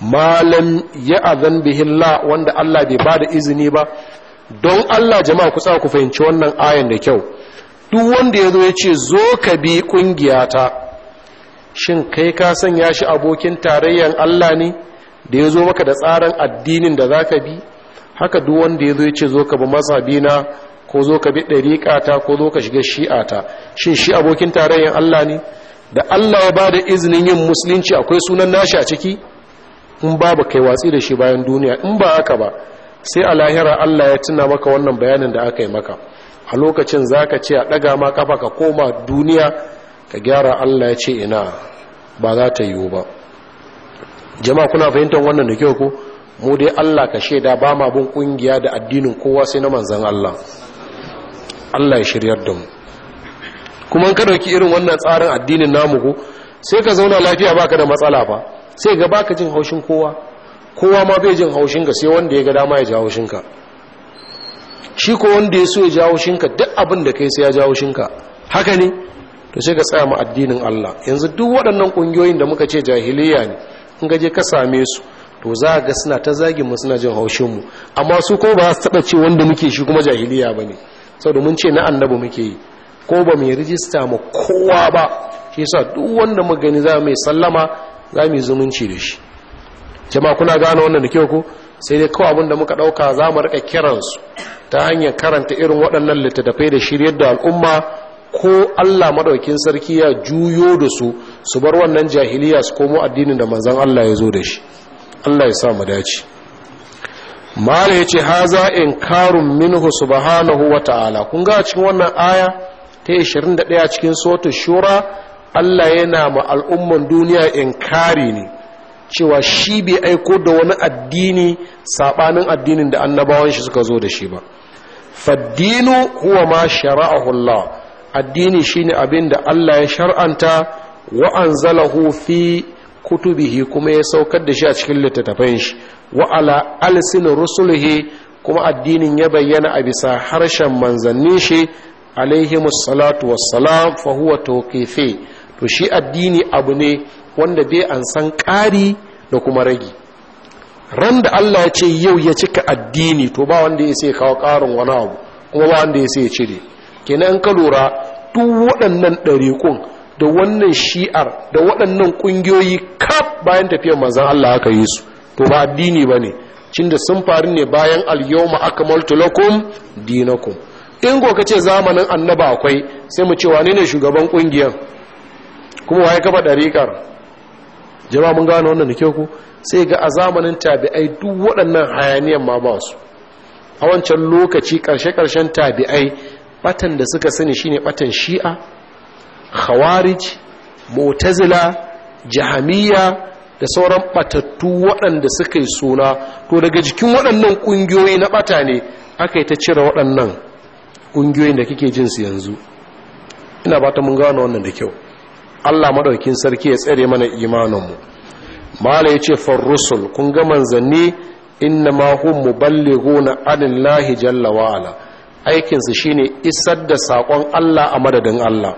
malam ya bihin bihilla wanda Allah bai ba da izini ba don Allah jama'a ku ku fahimci wannan ayan da kyau duk wanda ya zo ya ce zo ka bi ƙungiyata shin kai ka sanya shi abokin tarayyan Allah ne da ya zo maka da tsarin addinin da za ka bi haka duk wanda ya zo ya ce zo ka bi mazhabi na ko zo ka bi ɗariƙata ko zo ka shiga shi'ata shin shi abokin tarayyar allah ne da allah ya ba da izinin yin musulunci akwai sunan nashi a ciki in babu kai watsi da shi bayan duniya in ba haka ba sai a lahira allah ya tuna maka wannan bayanin da aka yi maka a lokacin za ka ce a ɗaga ma kafa ka koma duniya ka gyara allah ya ce ina ba za ta yiwu ba jama'a kuna fahimtar wannan da kyau ko mu dai Allah ka shaida ba ma bin kungiya da addinin kowa sai na manzan Allah Allah ya shiryar da mu kuma ka dauki irin wannan tsarin addinin namu ko sai ka zauna lafiya baka da matsala fa sai ga baka jin haushin kowa kowa ma bai jin haushin ka sai wanda ya ga dama ya ji haushin ka shi ko wanda ya so ya ji haushin ka duk abin da kai sai ya ji haushin ka haka ne to sai ka tsaya ma addinin Allah yanzu duk waɗannan kungiyoyin da muka ce jahiliya ne in gaje ka same su to za ga suna ta zagin mu suna jin haushin mu amma su ko ba su taɓa ce wanda muke shi kuma jahiliya ba sau saboda mun ce na annabi muke yi ko ba mai rijista ma kowa ba shi sa duk wanda mu gani za mai sallama za mu zumunci da shi jama'a kuna gane wannan da kyau ko sai dai kawai abin da muka dauka za mu rika kiransu ta hanyar karanta irin waɗannan littattafai da shiryar da al'umma ko Allah madaukin sarki ya juyo da su su bar wannan jahiliya su komo addinin da manzon Allah ya zo da shi Allah ya sa mu dace mala yace haza inkarun minhu subhanahu wa ta'ala kun ga cikin wannan aya ta 21 cikin suratul shura Allah yana ma al'umman duniya inkari ne cewa shi bai aiko da wani addini sabanin addinin da annabawan shi suka zo da shi ba faddinu huwa ma shara'ahu Allah addini shine abin da Allah ya shar'anta wa anzalahu fi kutubihi kuma ya saukar da shi a cikin littattafan shi wa ala alsin rusulihi kuma addinin ya bayyana a bisa harshen manzannin shi alaihi salatu wassalam fa huwa tawqifi to shi addini abu ne wanda bai an san ƙari da kuma ragi ran da Allah ya ce yau ya cika addini to ba wanda ya sai kawo ƙarin wani abu kuma ba wanda ya sai ya cire kenan ka lura duk waɗannan ɗariƙun da wannan shi'ar da waɗannan ƙungiyoyi kaf bayan tafiyar manzan Allah aka yi su to ba addini ba ne cinda sun faru ne bayan al-yawma akmaltu lakum dinakum in ko ce zamanin annaba akwai sai mu ce wane ne shugaban ƙungiyar kuma waye kafa ɗariƙar jama'a mun gane wannan da ku sai ga a zamanin tabi'ai duk waɗannan hayaniyan ma ba su a wancan lokaci ƙarshe-ƙarshen tabi'ai batan da suka sani shine batan shi'a khawarij mu'tazila jahamiya da sauran batattu waɗanda suka yi suna to daga jikin waɗannan ƙungiyoyi na bata ne aka yi ta cire waɗannan ƙungiyoyin da kike jin su yanzu ina ba ta mun gano wannan da kyau Allah madaukin sarki ya tsare mana imaninmu mala yace farrusul kun ga manzanni inna ma hum muballighuna anillahi jalla wa ala aikinsu shine isar da saƙon Allah a madadin Allah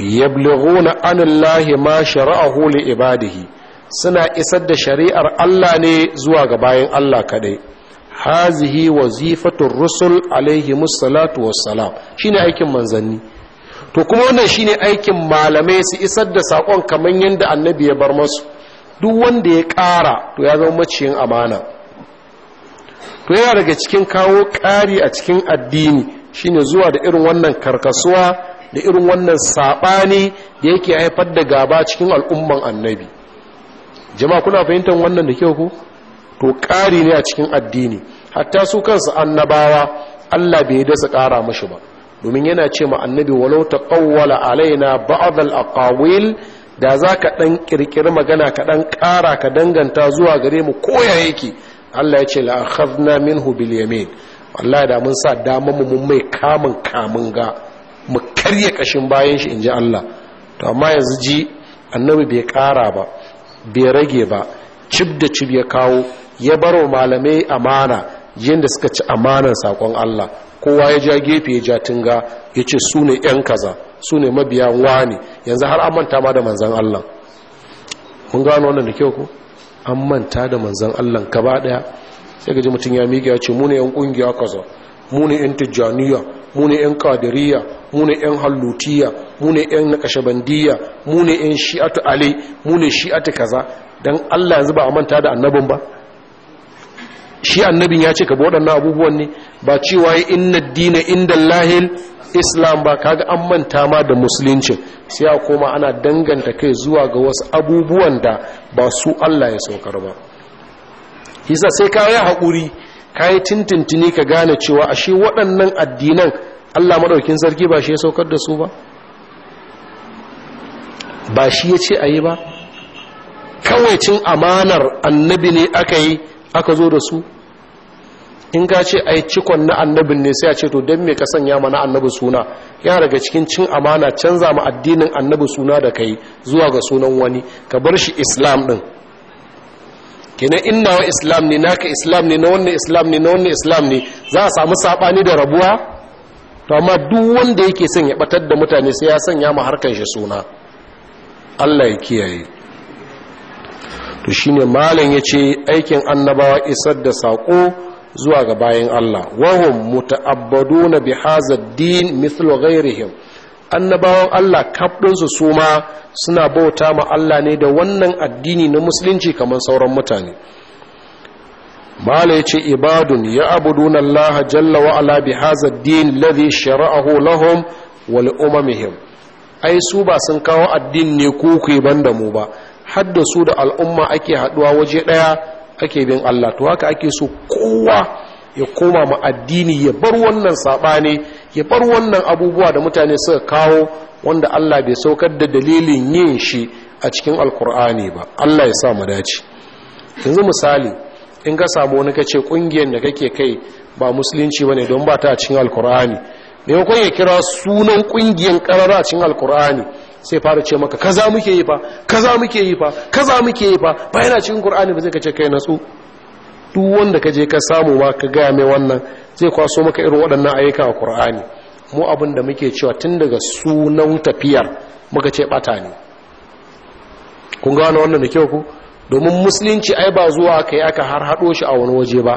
yablighuna anillahi ma shara'ahu li ibadihi suna isar da shari'ar Allah ne zuwa ga bayan Allah kadai hazihi wazifatur rusul alaihi musallatu wassalam shine aikin manzanni to kuma wannan shine aikin malamai su isar da saƙon kaman yadda annabi ya bar masu duk wanda ya ƙara to ya zama maciyin amana to yana daga cikin kawo ƙari a cikin addini shine zuwa da irin wannan karkasuwa da irin wannan saɓani da yake haifar da gaba cikin al'umman annabi jama'a kuna fahimtar wannan da kyau ku to ƙari ne a cikin addini hatta su kansu annabawa Allah bai dasa ƙara mashi ba domin yana ce ma annabi walau ƙawwala alaina ba'd al-aqawil da ka ɗan kirkiri magana ka ɗan ƙara ka danganta zuwa gare mu koya yake Allah ya ce la akhadna minhu bil yamin wallahi da mun sa dama mu mun mai kamun kamun ga mu karye kashin bayan shi inji Allah to amma yanzu ji annabi bai kara ba bai rage ba cib da cib ya kawo ya baro malamai amana yanda suka ci amanan sakon Allah kowa ya ja gefe ya ja tunga ya ce su ne 'yan kaza su ne mabiya wani yanzu har an manta ma da manzan Allah mun gano wannan da kyau ko an manta da manzan Allah gaba daya sai gaji mutum ya miƙe ya ce mu ne yan kungiya kaza mu ne yan tijjaniya mu ne yan kadiriya mu ne yan hallutiya mu ne yan nakashabandiya mu yan shi'atu ali mu shi'atu kaza dan Allah yanzu ba a manta da annabin ba shi annabin ya ce ka bi waɗannan abubuwan ne ba cewa inna dina inda lahil islam ba kaga an manta ma da musulunci sai a koma ana danganta kai zuwa ga wasu abubuwan da ba su Allah ya saukar ba isa sai ka yi haƙuri ka yi tintintini ka gane cewa a shi waɗannan addinan Allah maɗaukin sarki ba shi ya saukar da su ba ba shi ya ce a yi ba kawai cin amanar annabi ne aka yi aka zo da su in ka ce ai cikon na annabin ne sai a ce to don me ka sanya mana annabi suna ya daga cikin cin amana canza ma addinin annabi suna da kai zuwa ga sunan wani ka bar shi islam din kenan in nawa islam ne naka islam ne na wannan islam ne na wannan islam ne za a samu sabani da rabuwa to amma duk wanda yake son ya batar da mutane sai ya sanya ma harkan shi suna Allah ya kiyaye to shine malam yace aikin annabawa isar da sako zuwa ga bayan Allah wahum muta'abbaduna bi hadha din mithlu ghairihim annabawan Allah kaɗinsu su ma suna bauta ma Allah ne da wannan addini na musulunci kamar sauran mutane mala ya ce ibadun ya abudun Allah jalla wa ala bi haza din ladhi shara'ahu lahum wal umamihim ai su ba sun kawo addini ne ku ku ban da mu ba hadda su da al'umma ake haduwa waje daya ake bin Allah to haka ake so kowa ya koma ma addini ya bar wannan sabani ya bar wannan abubuwa da mutane suka kawo wanda Allah bai saukar da dalilin yin shi a cikin alkur'ani ba Allah ya sa mu dace yanzu misali in ka samu wani kace kungiyar da kake kai ba musulunci bane don ba ta cikin alkur'ani ne kun ya kira sunan kungiyar karara cikin alkur'ani sai fara ce maka kaza muke yi fa kaza muke yi fa kaza muke yi fa ba yana cikin qur'ani ba zai ka ce kai natsu duk wanda ka je ka samu ba ka ga mai wannan zai kwaso maka irin waɗannan ayyuka a qur'ani mu abin da muke cewa tun daga sunan tafiyar muka ce bata ne kun ga wannan da kyau ku domin musulunci ai ba zuwa kai aka har hado shi a wani waje ba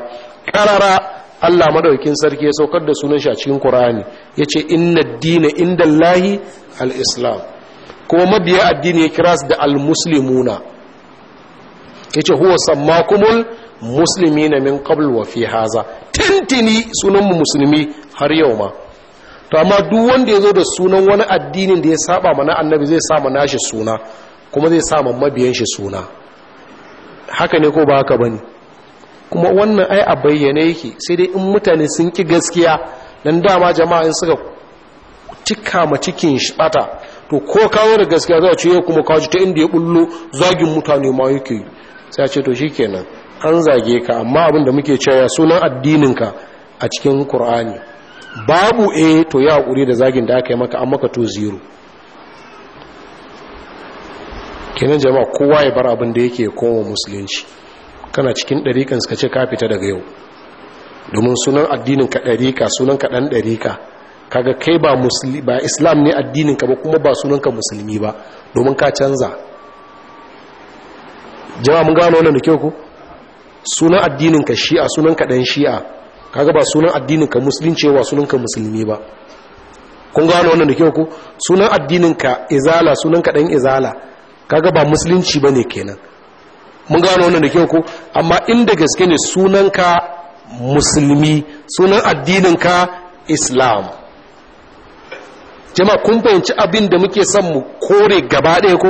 karara Allah madaukin sarki ya saukar da sunan shi a cikin Qur'ani yace innad dina indallahi al-islam kuma mabiya addini ya kira su da almuslimuna ya ce huwa sammakumul musulmi na min qabl wa fi haza tintini sunanmu musulmi har yau ma to amma duk wanda ya zo da sunan wani addinin da ya saba mana annabi zai sama nashi suna kuma zai sama mabiyan shi suna haka ne ko ba haka bane kuma wannan ai a bayyane yake sai dai in mutane sun ki gaskiya dan dama jama'a in suka tikka ma cikin shi bata to ko kawo da gaskiya za a ce yau kuma kawo ta inda ya bullo zagin mutane ma yake yi sai ce to shikenan an zage ka amma abin da muke cewa sunan addininka a cikin Kur'ani. babu e to ya hakuri da zagin da aka yi maka an maka to zero kenan jama'a kowa ya bar abin da yake koma musulunci kana cikin ɗarikansu suka ce ka fita daga yau domin sunan addinin ka ɗarika sunan ka ɗan ɗarika kaga kai ba musulmi ba islam ne addinin ka ba kuma ba sunanka musulmi ba domin ka canza jama'a mun gano wannan da kyau ku sunan addinin ka shi'a sunan ka dan shi'a kaga ba sunan addinin ka musulunci ba sunan ka musulmi ba kun gano wannan da kyau ku sunan addinin ka izala sunan ka dan izala kaga ba musulunci bane kenan mun gano wannan da kyau ku amma inda gaske ne sunan ka musulmi sunan addinin ka islam jama kun fahimci abin da muke son mu kore gaba ɗaya ko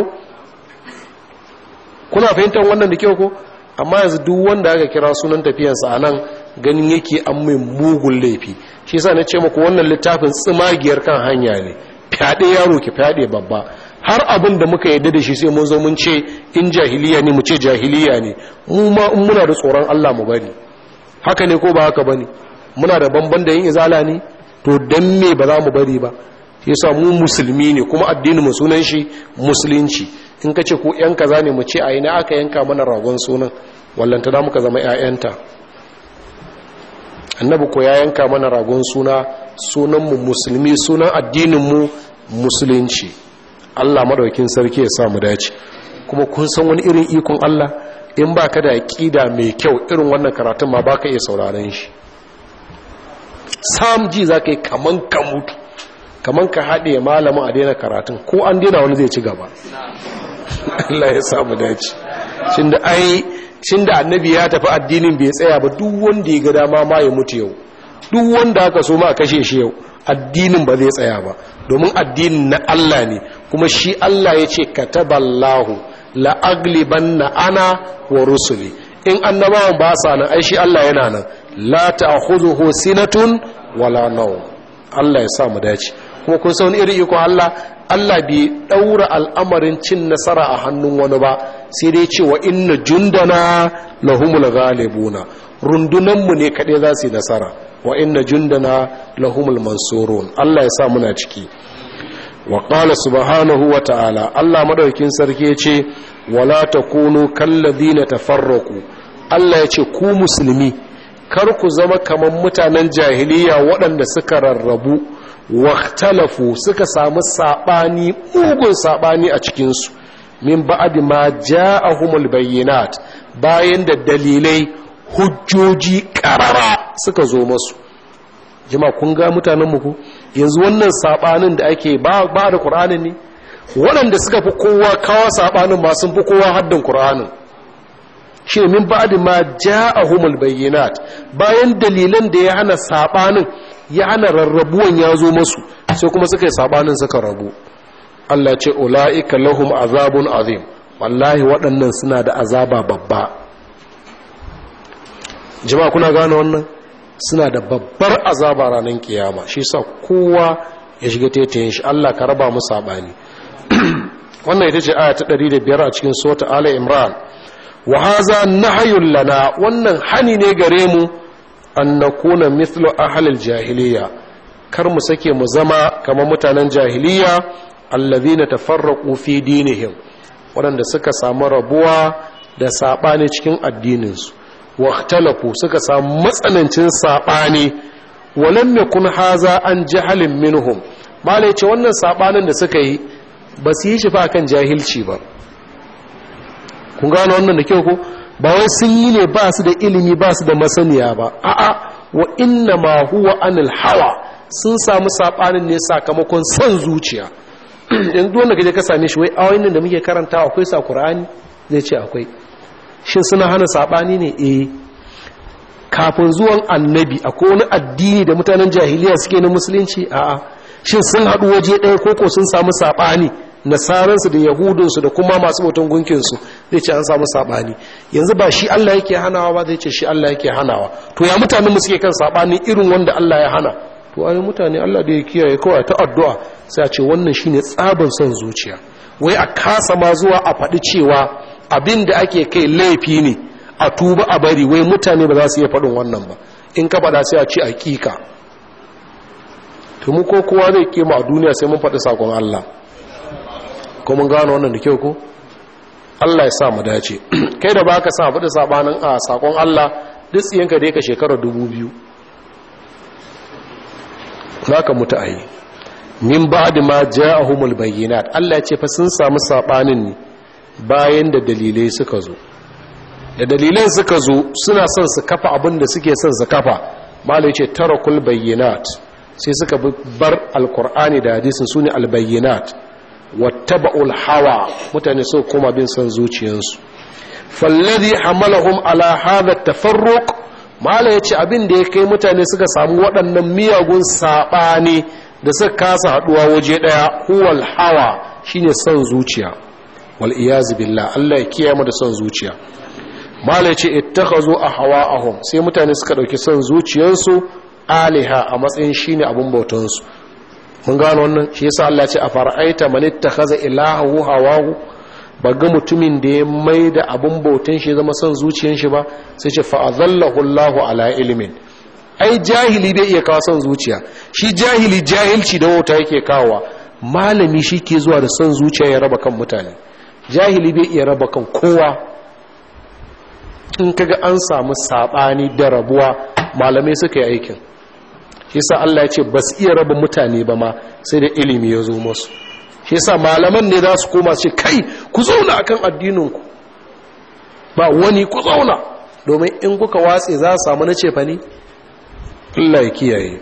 kuna fahimtar wannan da kyau ko amma yanzu duk wanda aka kira sunan tafiyansa a nan ganin yake an mai mugun laifi shi sa na ce muku wannan littafin tsimagiyar kan hanya ne fyaɗe yaro ki fyaɗe babba har abin da muka yadda da shi sai mun zo mun ce in jahiliya ne mu ce jahiliya ne mu ma in muna da tsoron Allah mu bari haka ne ko ba haka bane muna da bamban da yin izala ne to dan me ba za mu bari ba yasa mu musulmi ne kuma addinin mu sunan shi musulunci in kace ce ko yan kaza ne mu ce a ina aka yanka mana ragon sunan wallanta da muka zama ƴaƴanta annabi ko ya yanka mana ragon suna sunan mu musulmi sunan addinin mu musulunci Allah madaukin sarki ya sa mu dace kuma kun san wani irin ikon Allah in baka da aqida mai kyau irin wannan karatun ma baka iya sauraron shi sam ji zaka kaman ka mutu kamar ka haɗe malamin a daina karatun ko an daina wani zai ci gaba Allah ya samu dace shin da ai shin da annabi ya tafi addinin bai tsaya ba duk wanda ya ga dama ma ya mutu yau duk wanda aka so ma a kashe shi yau addinin ba zai tsaya ba domin addinin na Allah ne kuma shi Allah ya ce kataballahu aglibanna ana wa rusuli in annabawan ba sa nan ai shi Allah yana nan la ta'khuzuhu sinatun wala nawm Allah ya sa mu dace kuma kun san iri iko Allah Allah bai daura al'amarin cin nasara a hannun wani ba sai dai cewa inna jundana lahumul ghalibuna rundunan mu ne kade za su yi nasara wa inna jundana lahumul mansurun Allah ya sa muna ciki wa qala subhanahu wa ta'ala Allah madaukin sarki ya ce wala takunu kallazina tafarraqu Allah ya ce ku musulmi kar ku zama kaman mutanen jahiliya waɗanda suka rarrabu waktalafu suka samu saɓani mugun saɓani a cikinsu min ba'ad ma humul-bayyanat bayan da dalilai hujjoji ƙarara suka zo masu jima kun ga mutanenmu ku yanzu wannan saɓanin da ake ba da ƙur'anin ne waɗanda suka fi kowa kawo saɓanin ma sun fi kowa haddin ƙur'anin shi min ba'ad ma ja'ahumul bayyinat bayan dalilan da ya hana saɓanin ya hana rarrabuwan ya zo masu sai kuma suka yi sabanin suka rabu Allah ce ula'ika lahum azabun azim wallahi waɗannan suna da azaba babba jama'a kuna gane wannan suna da babbar azaba ranar kiyama shi sa kowa ya shiga tetayen shi Allah ka raba mu sabani [clears throat] wannan ita ce aya ta 105 a cikin sota ala imran wa haza nahyun lana wannan hani ne gare mu an mislo a ahlil jahiliya kar mu sake mu zama kamar mutanen jahiliya na tafarra fi dinihim waɗanda suka samu rabuwa da saɓani cikin addininsu waktalaku suka samu matsanancin saɓani walam yakun haza an ji halin malai ce wannan saɓanin da suka yi ba su yi shi fa kan jahilci ba kun gano wannan da kyau ko ba wai sun yi ne ba su da ilimi ba su da masaniya ba a'a wa inna ma huwa anil hawa sun samu sabanin ne sakamakon son zuciya [clears throat] yanzu wanda kaje ka same shi wai ayoyin da muke karanta akwai sa Qur'ani zai ce akwai shin suna hana sabani ne eh kafin zuwan annabi akwai wani addini da mutanen jahiliya suke na musulunci a'a shin sun haɗu waje ɗaya koko sun samu saɓani nasaransu da yahudunsu da kuma masu mutum gunkinsu zai ce an samu saɓani yanzu ba shi allah yake hanawa ba zai ce shi allah yake hanawa to ya mutanen mu suke kan saɓani irin wanda allah ya hana to ayi mutane allah da ya kiyaye kawai ta addu'a sai a ce wannan shi ne tsabin son zuciya wai a kasa ma zuwa a faɗi cewa abin da ake kai laifi ne a tuba a bari wai mutane ba za su iya faɗin wannan ba in ka faɗa sai a ce a to mu ko kowa zai kima a duniya sai mun faɗi sakon allah ko mun gano wannan da kyau ko Allah ya sa mu dace [clears throat] kai da baka sa fada sabanin a sakon Allah duk tsiyanka dai ka shekara 2000 zaka mutu ayi min ba'd ma ja'ahumul bayyinat Allah ya ce fa sun samu sabanin ne bayan da dalilai suka zo da dalilan suka zo suna son su kafa abin da suke son su kafa malai ce tarakul bayyinat sai suka bar alkur'ani da hadisin sune albayyinat wattaba'ul hawa mutane so koma bin san zuciyarsu falladi hamalahum ala hadha tafarruq mala yace abin da ya kai mutane suka samu waɗannan miyagun sabani da suka kasa haduwa waje daya huwal hawa shine san zuciya wal iyaz billah Allah ya mu da san zuciya mala yace ittakhazu ahwaahum sai mutane suka dauki san zuciyarsu aliha a matsayin shine abun bautansu mun gano wannan shi yasa Allah ya ce a fara'aita man ittakhadha ilahu hawahu ba ga mutumin da ya mai da abin bautan shi zama son zuciyar shi ba sai ce azallahu Allahu ala ilmin ai jahili dai iya kawo son zuciya shi jahili jahilci da wauta yake kawo malami shi ke zuwa da son zuciya ya raba kan mutane jahili bai iya raba kan kowa in kaga an samu sabani da rabuwa malamai suka yi aikin shi sa Allah ya ce ba su iya raba mutane ba ma sai da ilimi ya zo masu shi sa malaman ne za su koma shi ce kai ku zauna akan addininku ba wani ku zauna domin in kuka watse za su samu na cefa ne Allah ya kiyaye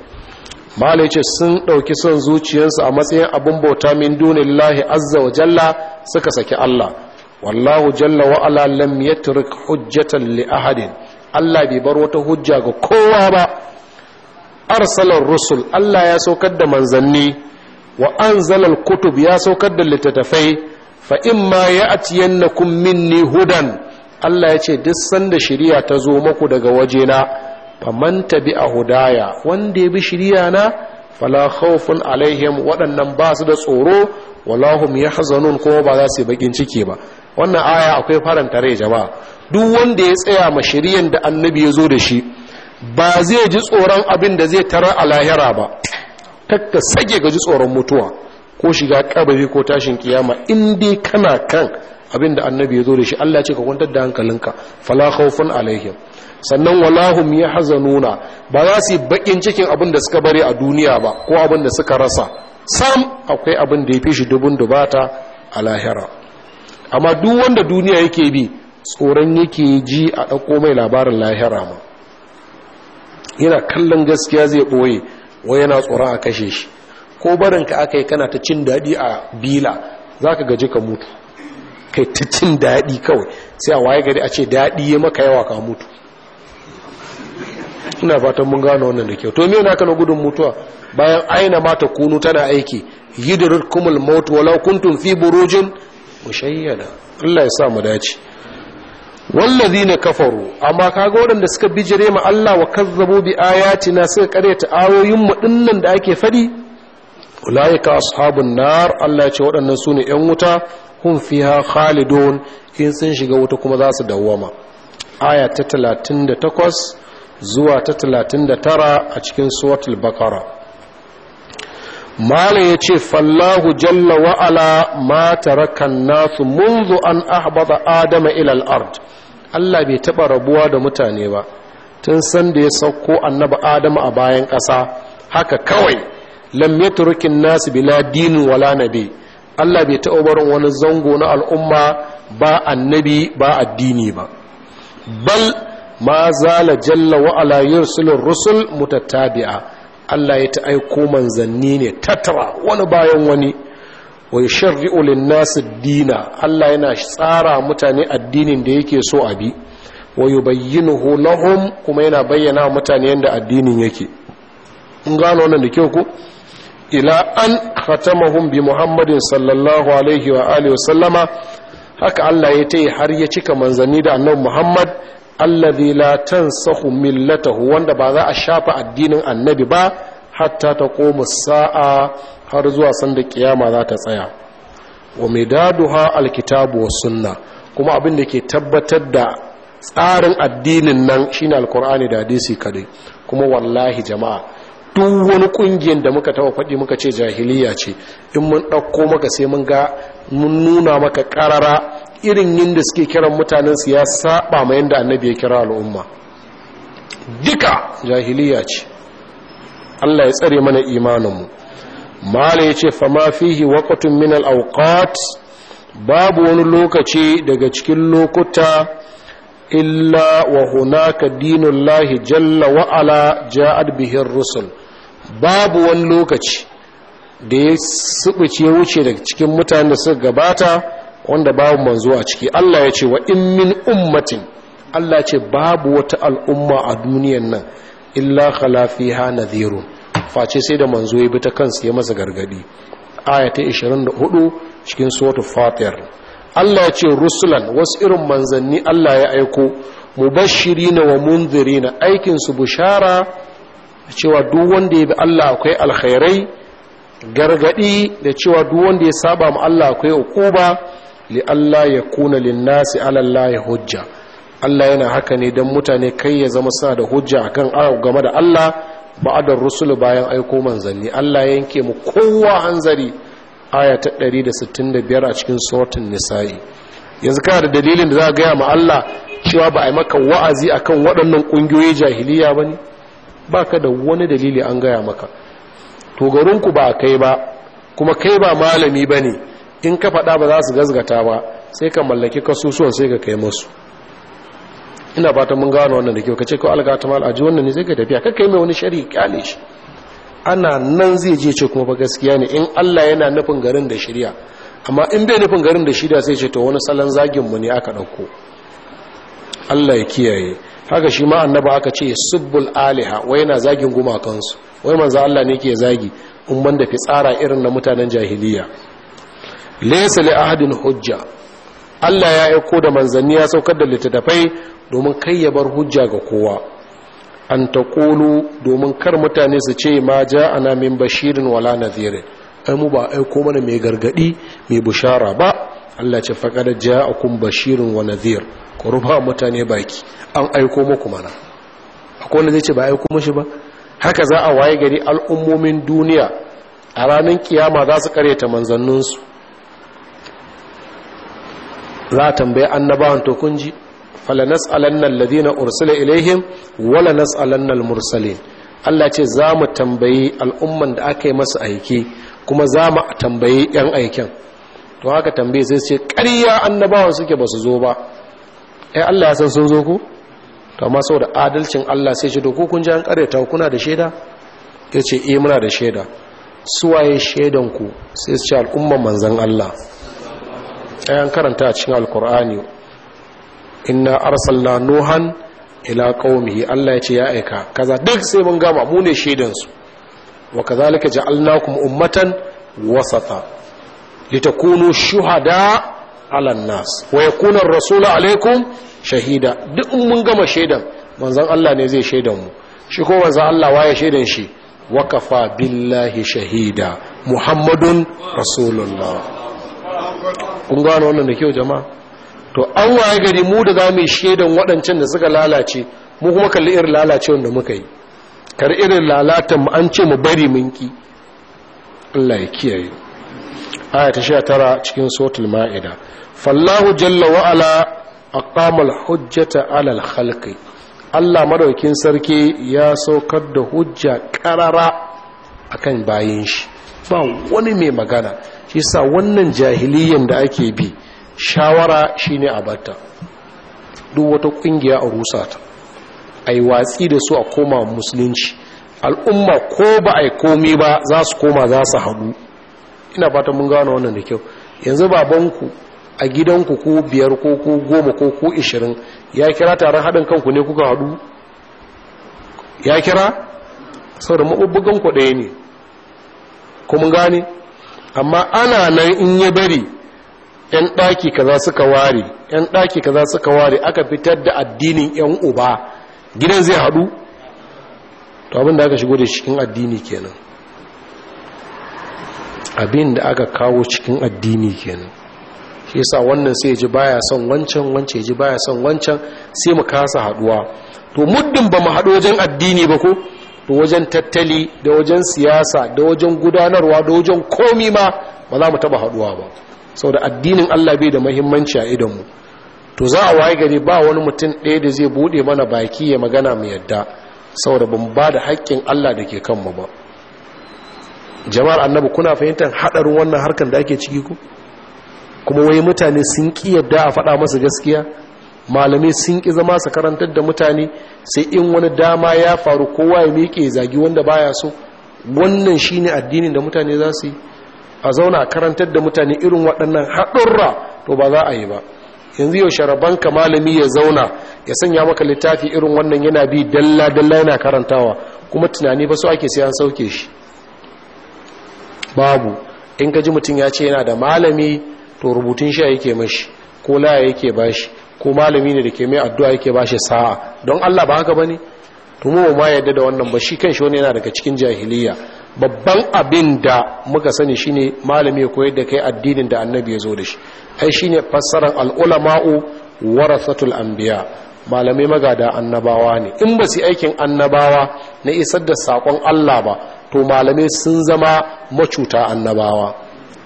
mala ya ce sun ɗauki son zuciyarsu a matsayin abin bauta min dunin lahi azza wa jalla suka saki Allah wallahu jalla ala lam yatrik hujjatan li ahadin Allah bai bar wata hujja ga kowa ba arsalar rusul Allah ya saukar da manzanni wa kutub ya saukar da littattafai fa imma ya'tiyannakum minni hudan Allah ya ce duk sanda shiriya ta zo maku daga wajena bi a hudaya wanda ya bi shiriya na fala haufin alaihim waɗannan ba su da tsoro walahum ya yahzanun kuma ba za su yi bakin ciki ba wannan aya akwai faranta rai jama'a duk wanda ya tsaya ma shiriyan da annabi ya zo da shi ba zai ji tsoron abin da zai tara a lahira ba takka sage ga ji tsoron mutuwa ko shiga kabari ko tashin kiyama in dai kana kan abin da annabi ya zo da shi Allah ce ka kwantar da hankalinka fala khawfun alaihim sannan haza nuna. ba za su bakin cikin abin da suka bari a duniya ba ko abin da suka rasa sam akwai abin da ya fi shi dubun dubata a lahira amma duk wanda duniya yake bi tsoron yake ji a ɗauko mai labarin lahira ma yana kallon gaskiya zai ɓoye wai yana tsoron a kashe shi ko barinka aka yi kana ta cin daɗi a bila za ka gaji ka mutu kai ta cin daɗi kawai sai a waye gari a ce daɗi ya maka yawa ka mutu ina fatan mun gano wannan da kyau to yana na kana gudun mutuwa bayan aina mata kunu tana aiki yidrukumul maut walau kuntum fi burujin mushayyada Allah ya sa mu dace wallazi na kafaru amma kaga waɗanda suka bijire ma Allah wa kazzabu bi na suka karyata mu dinnan da ake fadi ulaika ashabun nar Allah ya ce waɗannan sune ƴan wuta hum fiha khalidun in sun shiga wuta kuma za su dawwama aya ta 38 zuwa ta 39 a cikin suratul baqara mala ya ce fallahu jalla wa'ala ma tarakan nasu munzu an ahbada adama ilal ard Allah bai taɓa rabuwa da mutane ba tun san da ya sauko annaba adamu a bayan ƙasa haka kawai lamyaturukin nasu bila dinin wala bi Allah bai taɓa barin wani zango na al'umma ba annabi ba addini ba bal ma zala jalla wa ala yursilur rusul mutatabi'a Allah ya ta aiko manzanni ne tattara wani bayan wani wa yusharri'u lin-nas ad din Allah yana tsara mutane addinin da yake so a bi wa yubayyinuhu lahum kuma yana bayyana mutane yanda addinin yake kun gano wannan da kyau ko ila an khatamahum bi Muhammadin sallallahu alaihi wa alihi wa sallama haka Allah ya tayi har ya cika manzani da annabi Muhammad alladhi la tansahu millatahu wanda ba za a shafa addinin annabi ba hatta ta koma sa'a har zuwa sanda kiyama za ta tsaya wa ha alkitabu wa sunna kuma abin da ke tabbatar da tsarin addinin nan shine alkur'ani da hadisi kadai kuma wallahi jama'a duk wani kungiyar da muka taba faɗi muka ce jahiliya ce in mun ɗauko maka sai mun ga mun nuna maka ƙarara irin yadda suke kiran mutanen siyasa ya saba ma yadda annabi ya kira al'umma dika jahiliya ce Allah ya tsare mana imaninmu mala ya ce fama fihi waƙatun min al'auƙat babu wani lokaci daga cikin lokuta illa wa hunaka dinullahi jalla wa'ala ja'ad bihin rusul babu wani lokaci da ya subuce wuce daga cikin mutane da suka gabata wanda babu manzo a ciki Allah ya ce wa in min ummatin Allah ce babu wata al'umma a duniyan nan illa khala ha nadhiru face sai da manzo ya bi ta kansa ya masa gargadi aya ta 24 cikin suratul fatir Allah ya ce rusulan wasu irin manzanni Allah ya aiko mubashirina wa munzirina aikin su bushara cewa duk wanda ya bi Allah akwai alkhairai gargadi da cewa duk wanda ya saba ma Allah akwai uquba li Allah ya kuna linnasi ala Allah hujja Allah yana haka ne don mutane kai ya zama suna da hujja akan ayo game da Allah ba'adar rusulu bayan aiko manzanni Allah ya yanke mu kowa hanzari aya ta 165 a cikin sautin nisa'i yanzu kana da dalilin da za a gaya ma Allah cewa ba a yi maka wa'azi a kan waɗannan ƙungiyoyi jahiliya ba ne ba ka da wani dalili an gaya maka to garinku ba kai ba kuma kai ba malami ba ne in ka faɗa ba za su gazgata ba sai ka mallaki kasusuwan sai ka kai masu ina ta mun gano wannan da kyau kace ko algata mal aji wannan ne zai ga tafiya kakka yi mai wani shari'i kyale shi ana nan zai je ce kuma ba gaskiya ne in Allah yana nufin garin da shirya amma in bai nufin garin da shirya sai ce to wani salon zagin mu ne aka dauko Allah ya kiyaye haka shi ma annaba aka ce subbul aliha wai yana zagin gumakansu wai manzo Allah ne ke zagi in fi fitsara irin na mutanen jahiliya laysa li ahadin hujja Allah ya aiko da manzanni ya saukar da littattafai domin kai ya bar hujja ga kowa an ta kolo domin kar mutane su ce ma ja ana min bashirin wala nadhirin ai mu ba aiko mana mai gargadi mai bushara ba Allah ce faqad ja'akum bashirin wa nadhir ku rufa mutane baki an aiko muku mana akwai wanda zai ce ba aiko mushi ba haka za a waye gari al'ummomin duniya a ranar kiyama za su ta manzanninsu za a tambaye annabawan to kun ji falanas'alanna alladhina ursila ilaihim wala nas'alanna almursalin Allah ce za mu tambayi al'umman da aka yi masa aiki kuma za mu tambayi 'yan aikin to haka tambaye sai ce ƙarya annabawa suke ba su zo ba ai eh, Allah ya san sun zo ku to amma saboda adalcin Allah sai ce to kun ji an ƙaryata kuna da shaida yace eh muna da shaida suwaye shaidan ku sai su ce al'umman manzon Allah ai an karanta a cikin alkur'ani inna arsalna nuhan ila qaumihi Allah ya ce ya aika kaza duk sai mun gama mu ne shaidan su wa kadhalika ja'alnakum ummatan wasata litakunu shuhada ala nas wa yakuna ar rasul alaikum shahida duk mun gama shaidan manzon Allah ne zai shaidan mu shi ko manzon Allah waye shaidan shi wa kafa billahi shahida muhammadun rasulullah kun gano wannan da kyau jama'a to an waye gari mu da za mu yi shaidan waɗancan da suka lalace mu kuma kalli irin lalace wanda muka yi kar irin lalatan mu an ce mu bari mun Allah ya kiyaye aya ta 19 cikin suratul maida fallahu jalla wa ala aqama al-hujjata ala al-khalqi Allah madaukin sarki ya saukar da hujja karara akan bayin shi ba wani mai magana shi sa wannan jahiliyyar da ake bi shawara shine a batta duk wata kungiya a rusa ta a yi watsi da su a koma musulunci al'umma ko ba yi komi ba za su koma za su haɗu ina fata mun gano wannan da kyau yanzu babanku a gidanku ko biyar ko ko goma ko ko ishirin ya kira taron haɗin kanku ne kuka haɗu ya kira sau da maɓuɓɓugan ku ɗaya ne kuma gane amma ana nan in ya bari yan ɗaki kaza suka ware yan ɗaki kaza suka ware aka fitar da addinin yan uba gidan zai haɗu to abin da aka shigo da cikin addini kenan abin da aka kawo cikin addini kenan shi sa wannan sai ji baya son wancan wancan ji baya son wancan sai mu kasa haɗuwa to muddin ba mu haɗu wajen addini ba ko da wajen tattali da wajen siyasa da wajen gudanarwa da wajen komi ma ba za mu taba haɗuwa ba sau da addinin Allah bai da mahimmanci a idonmu to za a waye gari ba wani mutum ɗaya da zai buɗe mana baki ya magana mu yadda sau da ban ba da haƙƙin Allah da ke kanmu ba jama'ar annabi kuna fahimtar haɗarin wannan harkar da ake ciki ku kuma wai mutane sun ƙi yadda a faɗa masa gaskiya malamai sun ƙi zama su karantar da mutane sai in wani dama ya faru kowa ya miƙe zagi wanda baya so wannan shine addinin da mutane za su yi a zauna karantar da mutane irin waɗannan haɗurra to ba za a yi ba yanzu yau sharabanka malami ya zauna ya sanya maka littafi irin wannan yana bi dalla-dalla yana karantawa kuma tunani ba su ake sai an sauke shi babu in ka ji mutum ya ce yana da malami to rubutun sha yake mashi ko laya yake ba shi, ko malami ne da ke mai addu'a yake ba shi sa'a don Allah ba haka ba ne? mu ma yadda da wannan ba shi kanshi wani yana daga cikin jahiliya babban abin da muka sani shine malami ya koyar da kai addinin da annabi ya zo da shi ai shine fassarar al'ulama'u warasatul anbiya malamai magada annabawa ne in ba su aikin annabawa na isar da sakon Allah ba to malamai sun zama macuta annabawa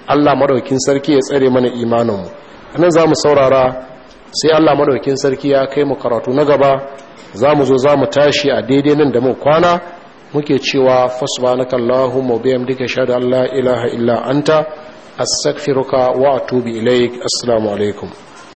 Allah maɗaukin sarki ya tsare mana imaninmu anan za mu saurara sai Allah maɗaukin sarki ya kai mu karatu na gaba za mu zo za mu tashi a daidai nan da mu kwana muke cewa fasbanaka Allahumma bihamdika shahada an la ilaha illa anta astaghfiruka wa atubu ilaik assalamu alaikum